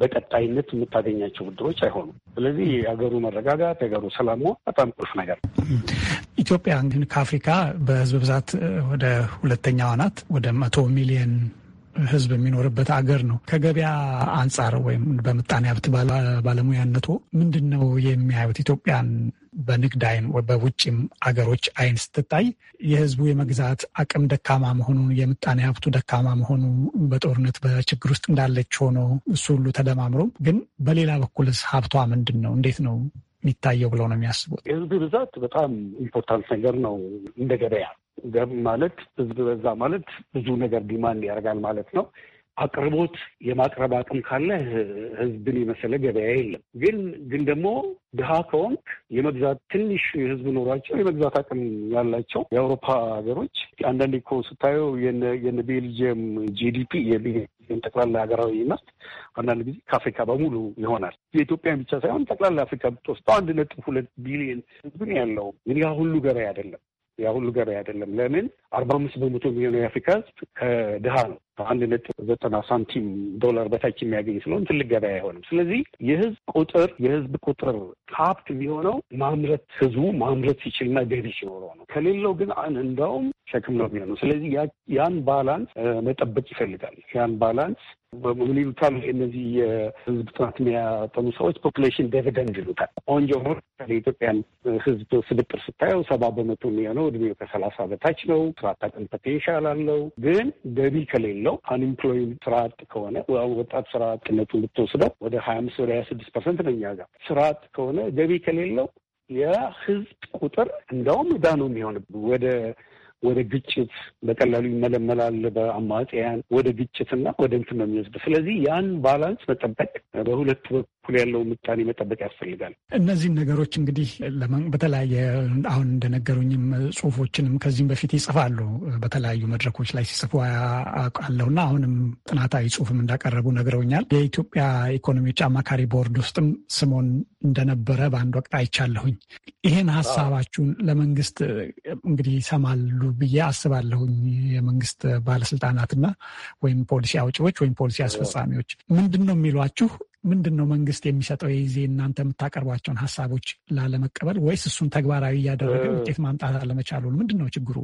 Speaker 5: በቀጣይነት የምታገኛቸው ብድሮች አይሆኑም። ስለዚህ የአገሩ መረጋጋት የአገሩ ሰላም በጣም ቁልፍ ነገር ነው።
Speaker 11: ኢትዮጵያ ግን ከአፍሪካ በህዝብ ብዛት ወደ ሁለተኛዋ ናት። ወደ መቶ ሚሊየን ህዝብ የሚኖርበት አገር ነው። ከገበያ አንጻር ወይም በምጣኔ ሀብት ባለሙያነቶ ምንድን ነው የሚያዩት ኢትዮጵያን በንግድ አይን በውጭም አገሮች አይን ስትታይ የህዝቡ የመግዛት አቅም ደካማ መሆኑ፣ የምጣኔ ሀብቱ ደካማ መሆኑ፣ በጦርነት በችግር ውስጥ እንዳለች ሆኖ እሱ ሁሉ ተደማምሮ ግን በሌላ በኩልስ ሀብቷ ምንድን ነው እንዴት ነው የሚታየው ብለው ነው የሚያስቡት?
Speaker 5: የህዝብ ብዛት በጣም ኢምፖርታንት ነገር ነው እንደ ገበያ ገብ ማለት ህዝብ በዛ ማለት ብዙ ነገር ዲማንድ ያደርጋል ማለት ነው። አቅርቦት የማቅረብ አቅም ካለ ህዝብን የመሰለ ገበያ የለም። ግን ግን ደግሞ ድሃ ከሆንክ የመግዛት ትንሽ የህዝብ ኖሯቸው የመግዛት አቅም ያላቸው የአውሮፓ ሀገሮች አንዳንድ እኮ ስታየው የነ ቤልጅየም ጂዲፒ ጠቅላላ ሀገራዊ ምርት አንዳንድ ጊዜ ከአፍሪካ በሙሉ ይሆናል። የኢትዮጵያን ብቻ ሳይሆን ጠቅላላ አፍሪካ ብትወስደው አንድ ነጥብ ሁለት ቢሊዮን ህዝብን ያለው። ግን ያ ሁሉ ገበያ አይደለም ያ ሁሉ ገበያ አይደለም። ለምን አርባ አምስት በመቶ የሚሆነው የአፍሪካ ህዝብ ከድሃ ነው። በአንድ ነጥብ ዘጠና ሳንቲም ዶላር በታች የሚያገኝ ስለሆን ትልቅ ገበያ አይሆንም። ስለዚህ የህዝብ ቁጥር የህዝብ ቁጥር ሀብት የሚሆነው ማምረት ህዝቡ ማምረት ሲችልና ገቢ ሲኖረው ነው። ከሌለው ግን እንደውም ሸክም ነው የሚሆነው። ስለዚህ ያን ባላንስ መጠበቅ ይፈልጋል። ያን ባላንስ ምን ይሉታል እነዚህ የህዝብ ጥናት የሚያጠኑ ሰዎች ፖፕሌሽን ደቪደንድ ይሉታል። ቆንጆ የኢትዮጵያን ህዝብ ስብጥር ስታየው ሰባ በመቶ የሚሆነው እድሜው ከሰላሳ በታች ነው። ስራ አጥ አጥነት ፖቴንሻል አለው። ግን ገቢ ከሌለ ነው። አንኤምፕሎይ ስራ አጥ ከሆነ ወጣት ስራ አጥነቱ ብትወስደው ወደ ሀያ አምስት ወደ ሀያ ስድስት ፐርሰንት ነው እኛ ጋር። ስራ አጥ ከሆነ ገቢ ከሌለው የህዝብ ቁጥር እንደውም እዳ ነው የሚሆንብህ ወደ ወደ ግጭት በቀላሉ ይመለመላል በአማጽያን ወደ ግጭትና ወደ እንትን ነው የሚወስድ። ስለዚህ ያን ባላንስ መጠበቅ በሁለት በኩል ያለው ምጣኔ መጠበቅ ያስፈልጋል።
Speaker 11: እነዚህን ነገሮች እንግዲህ በተለያየ አሁን እንደነገሩኝም ጽሁፎችንም ከዚህም በፊት ይጽፋሉ በተለያዩ መድረኮች ላይ ሲጽፉ አውቃለሁና አሁንም ጥናታዊ ጽሁፍም እንዳቀረቡ ነግረውኛል። የኢትዮጵያ ኢኮኖሚዎች አማካሪ ቦርድ ውስጥም ስሞን እንደነበረ በአንድ ወቅት አይቻለሁኝ። ይህን ሀሳባችሁን ለመንግስት እንግዲህ ይሰማሉ ብዬ አስባለሁኝ። የመንግስት ባለስልጣናትና ወይም ፖሊሲ አውጪዎች ወይም ፖሊሲ አስፈጻሚዎች ምንድን ነው የሚሏችሁ? ምንድን ነው መንግስት የሚሰጠው የጊዜ እናንተ የምታቀርቧቸውን ሀሳቦች ላለመቀበል ወይስ እሱን ተግባራዊ እያደረገ ውጤት ማምጣት አለመቻሉን ምንድን ነው ችግሩ?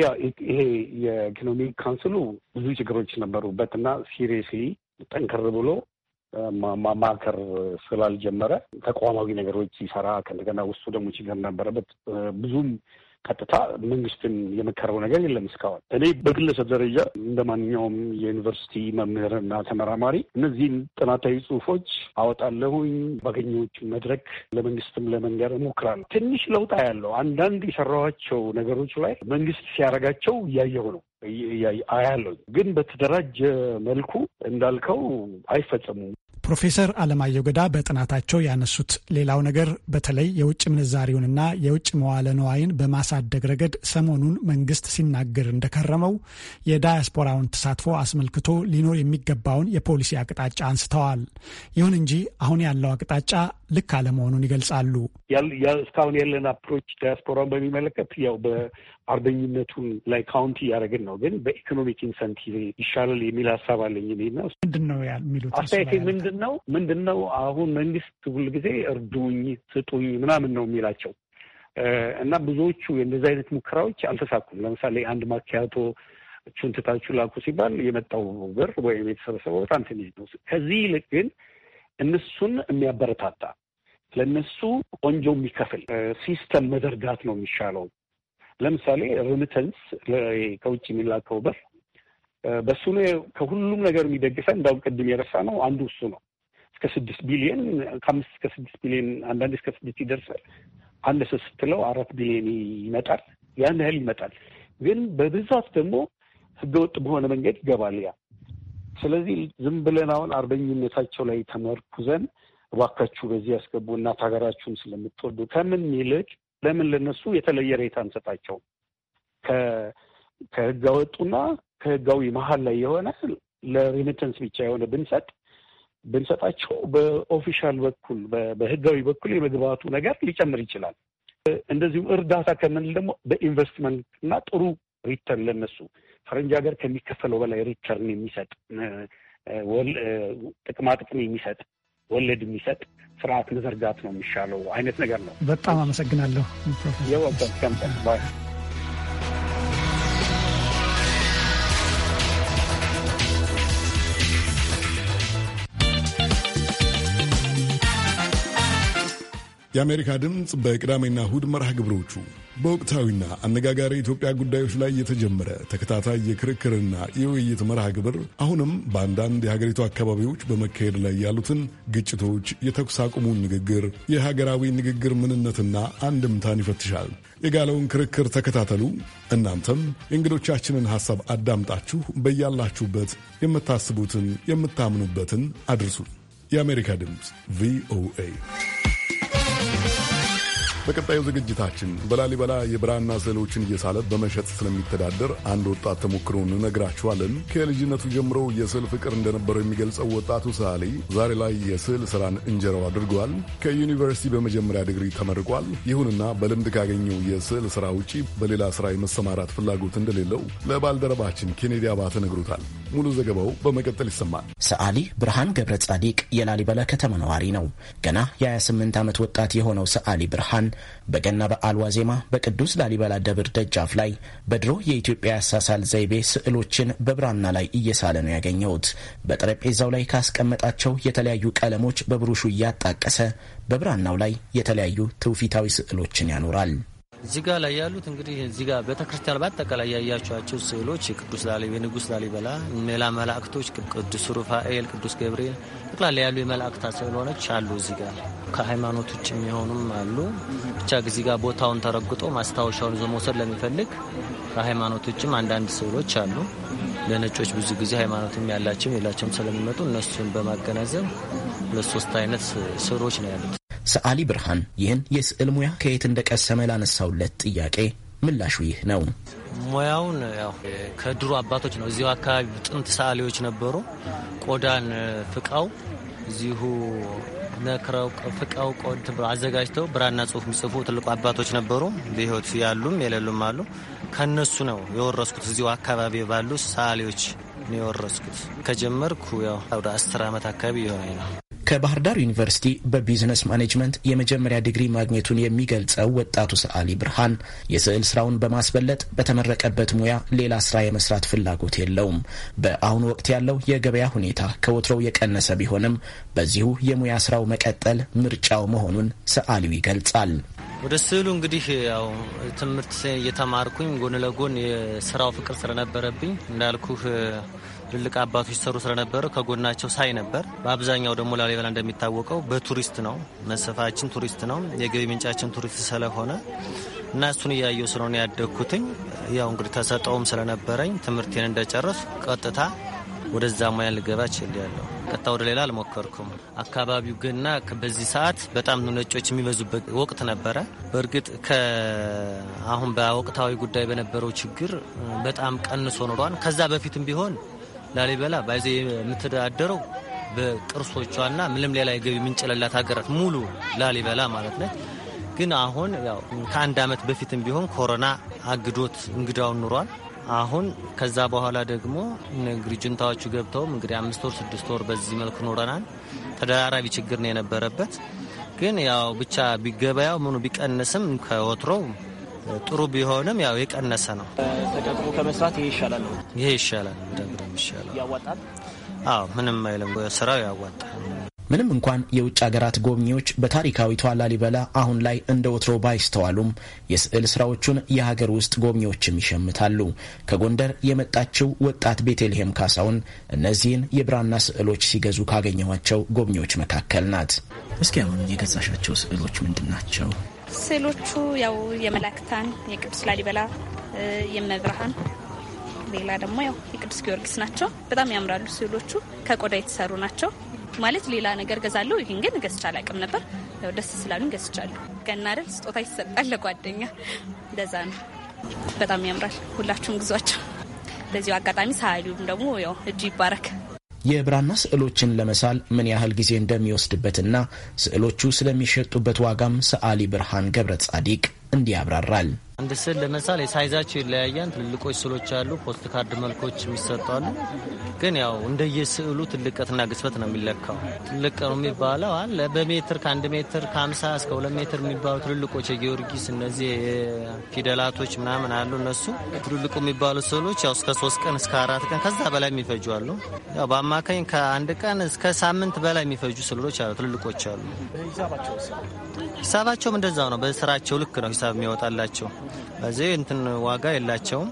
Speaker 5: ያ ይሄ የኢኮኖሚክ ካውንስሉ ብዙ ችግሮች ነበሩበት እና ሲሪየስሊ ጠንከር ብሎ ማማከር ስላልጀመረ ተቋማዊ ነገሮች ሲሰራ ከእንደገና ውስጡ ደግሞ ችግር ነበረበት። ብዙም ቀጥታ መንግስትን የመከረው ነገር የለም እስካሁን። እኔ በግለሰብ ደረጃ እንደ ማንኛውም የዩኒቨርሲቲ መምህርና ተመራማሪ እነዚህን ጥናታዊ ጽሁፎች አወጣለሁኝ፣ ባገኘዎች መድረክ ለመንግስትም ለመንገር እሞክራለሁ። ትንሽ ለውጥ ያለው አንዳንድ የሰራኋቸው ነገሮች ላይ መንግስት ሲያደርጋቸው እያየሁ ነው። አያለው። ግን በተደራጀ መልኩ እንዳልከው አይፈጸሙም።
Speaker 11: ፕሮፌሰር አለማየሁ ገዳ በጥናታቸው ያነሱት ሌላው ነገር በተለይ የውጭ ምንዛሪውንና የውጭ መዋለ ነዋይን በማሳደግ ረገድ ሰሞኑን መንግስት ሲናገር እንደከረመው የዳያስፖራውን ተሳትፎ አስመልክቶ ሊኖር የሚገባውን የፖሊሲ አቅጣጫ አንስተዋል። ይሁን እንጂ አሁን ያለው አቅጣጫ ልክ አለመሆኑን ይገልጻሉ።
Speaker 5: እስካሁን ያለን አፕሮች ዳያስፖራውን በሚመለከት ያው አርበኝነቱን ላይ ካውንቲ እያደረግን ነው። ግን በኢኮኖሚክ ኢንሰንቲቭ ይሻላል የሚል ሀሳብ አለኝ ና
Speaker 11: ምንድን ነው የሚሉት አስተያየቴ
Speaker 5: ምንድን ነው ምንድን ነው አሁን መንግስት ሁልጊዜ እርዱኝ፣ ስጡኝ ምናምን ነው የሚላቸው እና ብዙዎቹ የእንደዚህ አይነት ሙከራዎች አልተሳኩም። ለምሳሌ አንድ ማኪያቶ ቹንትታችሁ ላኩ ሲባል የመጣው ብር ወይም የተሰበሰበው በጣም ትንሽ ነው። ከዚህ ይልቅ ግን እነሱን የሚያበረታታ ለእነሱ ቆንጆ የሚከፍል ሲስተም መዘርጋት ነው የሚሻለው። ለምሳሌ ርምተንስ ከውጭ የሚላከው ብር በሱ ነው ከሁሉም ነገር የሚደግፈን። እንዳውም ቅድም የረሳ ነው አንዱ እሱ ነው። እስከ ስድስት ቢሊየን ከአምስት እስከ ስድስት ቢሊየን አንዳንድ እስከ ስድስት ይደርሳል። አንድ ሰው ስትለው አራት ቢሊየን ይመጣል። ያን ያህል ይመጣል። ግን በብዛት ደግሞ ህገወጥ በሆነ መንገድ ይገባል ያ ስለዚህ ዝም ብለን አሁን አርበኝነታቸው ላይ ተመርኩዘን እባካችሁ በዚህ ያስገቡ እናት ሀገራችሁን ስለምትወዱ ከምን ይልቅ ለምን ለነሱ የተለየ ሬት አንሰጣቸው? ከህገ ወጡና ከህጋዊ መሀል ላይ የሆነ ለሪሚተንስ ብቻ የሆነ ብንሰጥ ብንሰጣቸው በኦፊሻል በኩል በህጋዊ በኩል የመግባቱ ነገር ሊጨምር ይችላል። እንደዚሁም እርዳታ ከምንል ደግሞ በኢንቨስትመንት እና ጥሩ ሪተርን ለነሱ ፈረንጅ ሀገር ከሚከፈለው በላይ ሪተርን የሚሰጥ ጥቅማ ጥቅም የሚሰጥ ወለድ የሚሰጥ ስርዓት መዘርጋት ነው የሚሻለው አይነት ነገር ነው።
Speaker 11: በጣም አመሰግናለሁ።
Speaker 2: የአሜሪካ ድምፅ በቅዳሜና እሁድ መርሃ ግብሮቹ በወቅታዊና አነጋጋሪ የኢትዮጵያ ጉዳዮች ላይ የተጀመረ ተከታታይ የክርክርና የውይይት መርሃ ግብር አሁንም በአንዳንድ የሀገሪቱ አካባቢዎች በመካሄድ ላይ ያሉትን ግጭቶች፣ የተኩስ አቁሙን ንግግር፣ የሀገራዊ ንግግር ምንነትና አንድምታን ይፈትሻል። የጋለውን ክርክር ተከታተሉ። እናንተም የእንግዶቻችንን ሐሳብ አዳምጣችሁ በያላችሁበት የምታስቡትን የምታምኑበትን አድርሱ። የአሜሪካ ድምፅ ቪኦኤ በቀጣዩ ዝግጅታችን በላሊበላ የብራና ስዕሎችን እየሳለ በመሸጥ ስለሚተዳደር አንድ ወጣት ተሞክሮ እነግራችኋለን። ከልጅነቱ ጀምሮ የስዕል ፍቅር እንደነበረው የሚገልጸው ወጣቱ ሰዓሊ ዛሬ ላይ የስዕል ስራን እንጀራው አድርጓል። ከዩኒቨርሲቲ በመጀመሪያ ዲግሪ ተመርቋል። ይሁንና በልምድ ካገኘው የስዕል ስራ ውጪ በሌላ ስራ የመሰማራት ፍላጎት እንደሌለው ለባልደረባችን ኬኔዲ አባተ ነግሮታል። ሙሉ ዘገባው በመቀጠል ይሰማል። ሰዓሊ ብርሃን ገብረ ጻዲቅ
Speaker 13: የላሊበላ ከተማ ነዋሪ ነው። ገና የ28 ዓመት ወጣት የሆነው ሰዓሊ ብርሃን በገና በዓል ዋዜማ በቅዱስ ላሊበላ ደብር ደጃፍ ላይ በድሮ የኢትዮጵያ አሳሳል ዘይቤ ስዕሎችን በብራና ላይ እየሳለ ነው ያገኘሁት። በጠረጴዛው ላይ ካስቀመጣቸው የተለያዩ ቀለሞች በብሩሹ እያጣቀሰ በብራናው ላይ የተለያዩ ትውፊታዊ ስዕሎችን
Speaker 14: ያኖራል። እዚህ ላይ ያሉት እንግዲህ እዚህ ጋ ቤተክርስቲያን በአጠቃላይ ያያቸዋቸው ስዕሎች ቅዱስ ላሊ ንጉስ ላሊበላ ሌላ መላእክቶች፣ ቅዱስ ሩፋኤል፣ ቅዱስ ገብርኤል ጠቅላላ ያሉ የመላእክታ ስዕሎች አሉ። እዚህ ከሃይማኖት ውጭ የሚሆኑም አሉ። ብቻ እዚህ ቦታውን ተረግጦ ማስታወሻውን ይዞ መውሰድ ለሚፈልግ ከሃይማኖት ውጭም አንዳንድ ስዕሎች አሉ። ለነጮች ብዙ ጊዜ ሃይማኖትም ያላቸውም የላቸውም ስለሚመጡ እነሱን በማገናዘብ ሁለት ሶስት አይነት ስዕሎች ነው ያሉት።
Speaker 13: ሰዓሊ ብርሃን ይህን የስዕል ሙያ ከየት እንደቀሰመ ላነሳውለት ጥያቄ ምላሹ ይህ ነው።
Speaker 14: ሙያውን ያው ከድሮ አባቶች ነው። እዚሁ አካባቢ ጥንት ሰዓሊዎች ነበሩ። ቆዳን ፍቃው እዚሁ ነክረው ፍቃው ቆድ አዘጋጅተው ብራና ጽሁፍ የሚጽፉ ትልቁ አባቶች ነበሩ። በህይወት ያሉም የሌሉም አሉ። ከነሱ ነው የወረስኩት። እዚሁ አካባቢ ባሉ ሳሌዎች ነው የወረስኩት። ከጀመርኩ ያው ወደ አስር ዓመት አካባቢ የሆነኝ ነው።
Speaker 13: ከባህር ዳር ዩኒቨርሲቲ በቢዝነስ ማኔጅመንት የመጀመሪያ ዲግሪ ማግኘቱን የሚገልጸው ወጣቱ ሰዓሊ ብርሃን የስዕል ስራውን በማስበለጥ በተመረቀበት ሙያ ሌላ ስራ የመስራት ፍላጎት የለውም። በአሁኑ ወቅት ያለው የገበያ ሁኔታ ከወትሮው የቀነሰ ቢሆንም በዚሁ የሙያ ስራው መቀጠል ምርጫው መሆኑን ሰዓሊው ይገልጻል።
Speaker 14: ወደ ስዕሉ እንግዲህ ያው ትምህርት እየተማርኩኝ ጎን ለጎን የስራው ፍቅር ስለነበረብኝ እንዳልኩህ ትልቅ አባቶች ሰሩ ስለነበረ ከጎናቸው ሳይ ነበር። በአብዛኛው ደግሞ ላሊበላ እንደሚታወቀው በቱሪስት ነው መሰፋችን ቱሪስት ነው የገቢ ምንጫችን ቱሪስት ስለሆነ እና እሱን እያየው ስለሆነ ያደግኩትኝ ያው እንግዲህ ተሰጠውም ስለነበረኝ ትምህርቴን እንደጨረስ ቀጥታ ወደዛ ሙያ ልገባ ችያለሁ። ቀጣ ወደ ሌላ አልሞከርኩም። አካባቢው ግና በዚህ ሰዓት በጣም ነጮች የሚበዙበት ወቅት ነበረ። በእርግጥ አሁን በወቅታዊ ጉዳይ በነበረው ችግር በጣም ቀንሶ ኑሯን። ከዛ በፊትም ቢሆን ላሊበላ ባይዘ የምትዳደረው በቅርሶቿና ምንም ሌላ የገቢ ምንጭ ሀገራት ሙሉ ላሊበላ ማለት ነች። ግን አሁን ያው ከአንድ አመት በፊትም ቢሆን ኮሮና አግዶት እንግዳውን ኑሯል። አሁን ከዛ በኋላ ደግሞ ግርጅንታዎቹ ገብተውም እንግዲህ አምስት ወር ስድስት ወር በዚህ መልክ ኖረናል። ተደራራቢ ችግር ነው የነበረበት። ግን ያው ብቻ ቢገበያው ምኑ ቢቀንስም ከወትሮው ጥሩ ቢሆንም ያው የቀነሰ ነው። ተቀጥሮ ከመስራት ይሄ ይሻላል ነው ይሄ ይሻላል፣ ደግሞ ይሻላል፣ ያዋጣል። አዎ ምንም አይልም፣ ስራው ያዋጣል።
Speaker 13: ምንም እንኳን የውጭ ሀገራት ጎብኚዎች በታሪካዊቷ ላሊበላ አሁን ላይ እንደ ወትሮ ባይስተዋሉም የስዕል ስራዎቹን የሀገር ውስጥ ጎብኚዎችም ይሸምታሉ። ከጎንደር የመጣችው ወጣት ቤተልሔም ካሳውን እነዚህን የብራና ስዕሎች ሲገዙ ካገኘኋቸው ጎብኚዎች መካከል ናት። እስኪ አሁን የገዛሻቸው ስዕሎች ምንድን ናቸው?
Speaker 8: ስዕሎቹ ያው የመላክታን፣ የቅዱስ ላሊበላ፣ የመብርሃን ሌላ ደግሞ ያው የቅዱስ ጊዮርጊስ ናቸው። በጣም ያምራሉ ስዕሎቹ። ከቆዳ የተሰሩ ናቸው። ማለት ሌላ ነገር ገዛለሁ። ይህን ግን ገዝቼ አላውቅም ነበር። ያው ደስ ስላሉኝ ገዝቻለሁ። ገና አይደል ስጦታ ይሰጣል ለጓደኛ፣ እንደዛ ነው። በጣም ያምራል። ሁላችሁም ግዟቸው። በዚሁ አጋጣሚ ሰዓሊውም ደግሞ ያው እጁ ይባረክ።
Speaker 13: የብራና ስዕሎችን ለመሳል ምን ያህል ጊዜ እንደሚወስድበትና ስዕሎቹ ስለሚሸጡበት ዋጋም ሰዓሊ ብርሃን ገብረ ጻዲቅ እንዲህ ያብራራል።
Speaker 14: አንድ ስዕል ለምሳሌ ሳይዛቸው ይለያያን። ትልልቆች ስዕሎች አሉ፣ ፖስት ካርድ መልኮች የሚሰጡ ግን ያው እንደየስዕሉ ትልቀትና ግስበት ነው የሚለካው። ትልቅ ነው የሚባለው አለ በሜትር ከአንድ ሜትር ከአምሳ እስከ ሁለት ሜትር የሚባሉ ትልልቆች የጊዮርጊስ እነዚህ ፊደላቶች ምናምን አሉ። እነሱ ትልልቁ የሚባሉ ስዕሎች ያው እስከ ሶስት ቀን እስከ አራት ቀን ከዛ በላይ የሚፈጁ አሉ። ያው በአማካኝ ከአንድ ቀን እስከ ሳምንት በላይ የሚፈጁ ስዕሎች አሉ፣ ትልልቆች አሉ። ሂሳባቸውም እንደዛው ነው። በስራቸው ልክ ነው ሂሳብ የሚወጣላቸው በዚህ እንትን ዋጋ የላቸውም።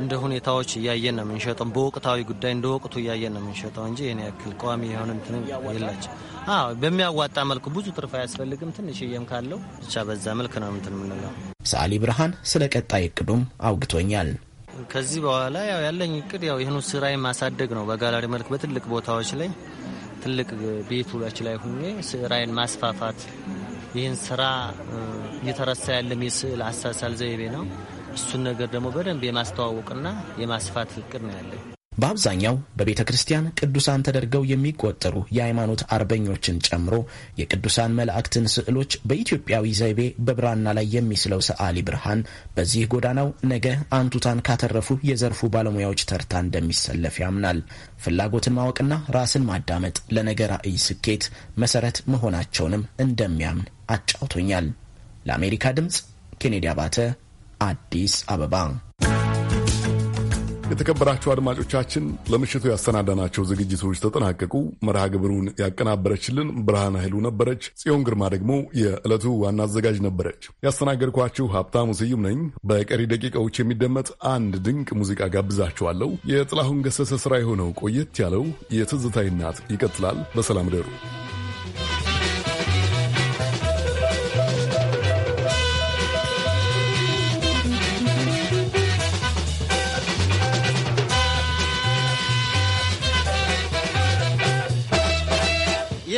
Speaker 14: እንደ ሁኔታዎች እያየን ነው የምንሸጠው። በወቅታዊ ጉዳይ እንደ ወቅቱ እያየን ነው የምንሸጠው እንጂ ይህን ያክል ቋሚ የሆነ እንትን የላቸው። አዎ በሚያዋጣ መልኩ ብዙ ትርፍ አያስፈልግም። ትንሽዬም ካለው ብቻ በዛ መልክ ነው እንትን የምንለው።
Speaker 13: ሰዓሊ ብርሃን ስለ ቀጣይ እቅዱም አውግቶኛል።
Speaker 14: ከዚህ በኋላ ያው ያለኝ እቅድ ያው ይህኑ ስራዬ ማሳደግ ነው። በጋላሪ መልክ በትልቅ ቦታዎች ላይ ትልቅ ቤቶች ላይ ሁኜ ስራዬን ማስፋፋት ይህን ስራ እየተረሳ ያለም የስዕል አሳሳል ዘይቤ ነው። እሱን ነገር ደግሞ በደንብ የማስተዋወቅና የማስፋት እቅድ ነው ያለን።
Speaker 13: በአብዛኛው በቤተ ክርስቲያን ቅዱሳን ተደርገው የሚቆጠሩ የሃይማኖት አርበኞችን ጨምሮ የቅዱሳን መላእክትን ስዕሎች በኢትዮጵያዊ ዘይቤ በብራና ላይ የሚስለው ሰዓሊ ብርሃን በዚህ ጎዳናው ነገ አንቱታን ካተረፉ የዘርፉ ባለሙያዎች ተርታ እንደሚሰለፍ ያምናል። ፍላጎትን ማወቅና ራስን ማዳመጥ ለነገ ራዕይ ስኬት መሰረት መሆናቸውንም እንደሚያምን አጫውቶኛል። ለአሜሪካ ድምፅ
Speaker 2: ኬኔዲ አባተ አዲስ አበባ። የተከበራችሁ አድማጮቻችን ለምሽቱ ያሰናዳናቸው ዝግጅቶች ተጠናቀቁ። መርሃ ግብሩን ያቀናበረችልን ብርሃን ኃይሉ ነበረች። ጽዮን ግርማ ደግሞ የዕለቱ ዋና አዘጋጅ ነበረች። ያስተናገድኳችሁ ሀብታሙ ስዩም ነኝ። በቀሪ ደቂቃዎች የሚደመጥ አንድ ድንቅ ሙዚቃ ጋብዛችኋለሁ። የጥላሁን ገሰሰ ስራ የሆነው ቆየት ያለው የትዝታይናት እናት ይቀጥላል። በሰላም ደሩ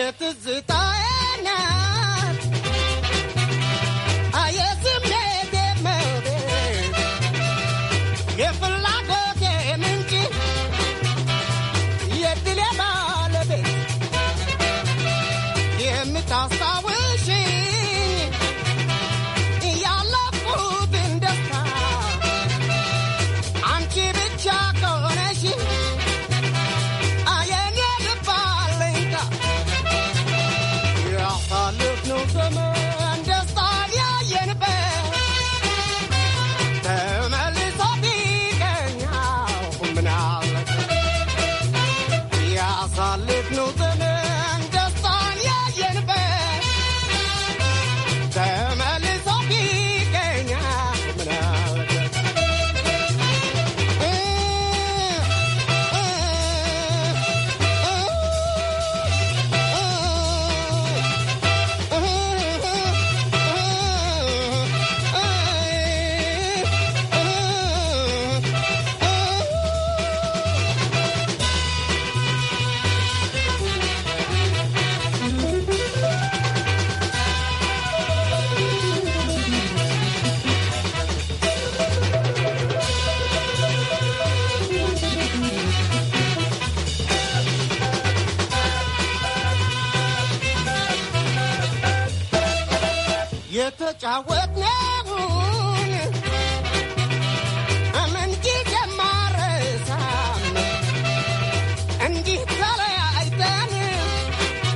Speaker 12: Let the zoo.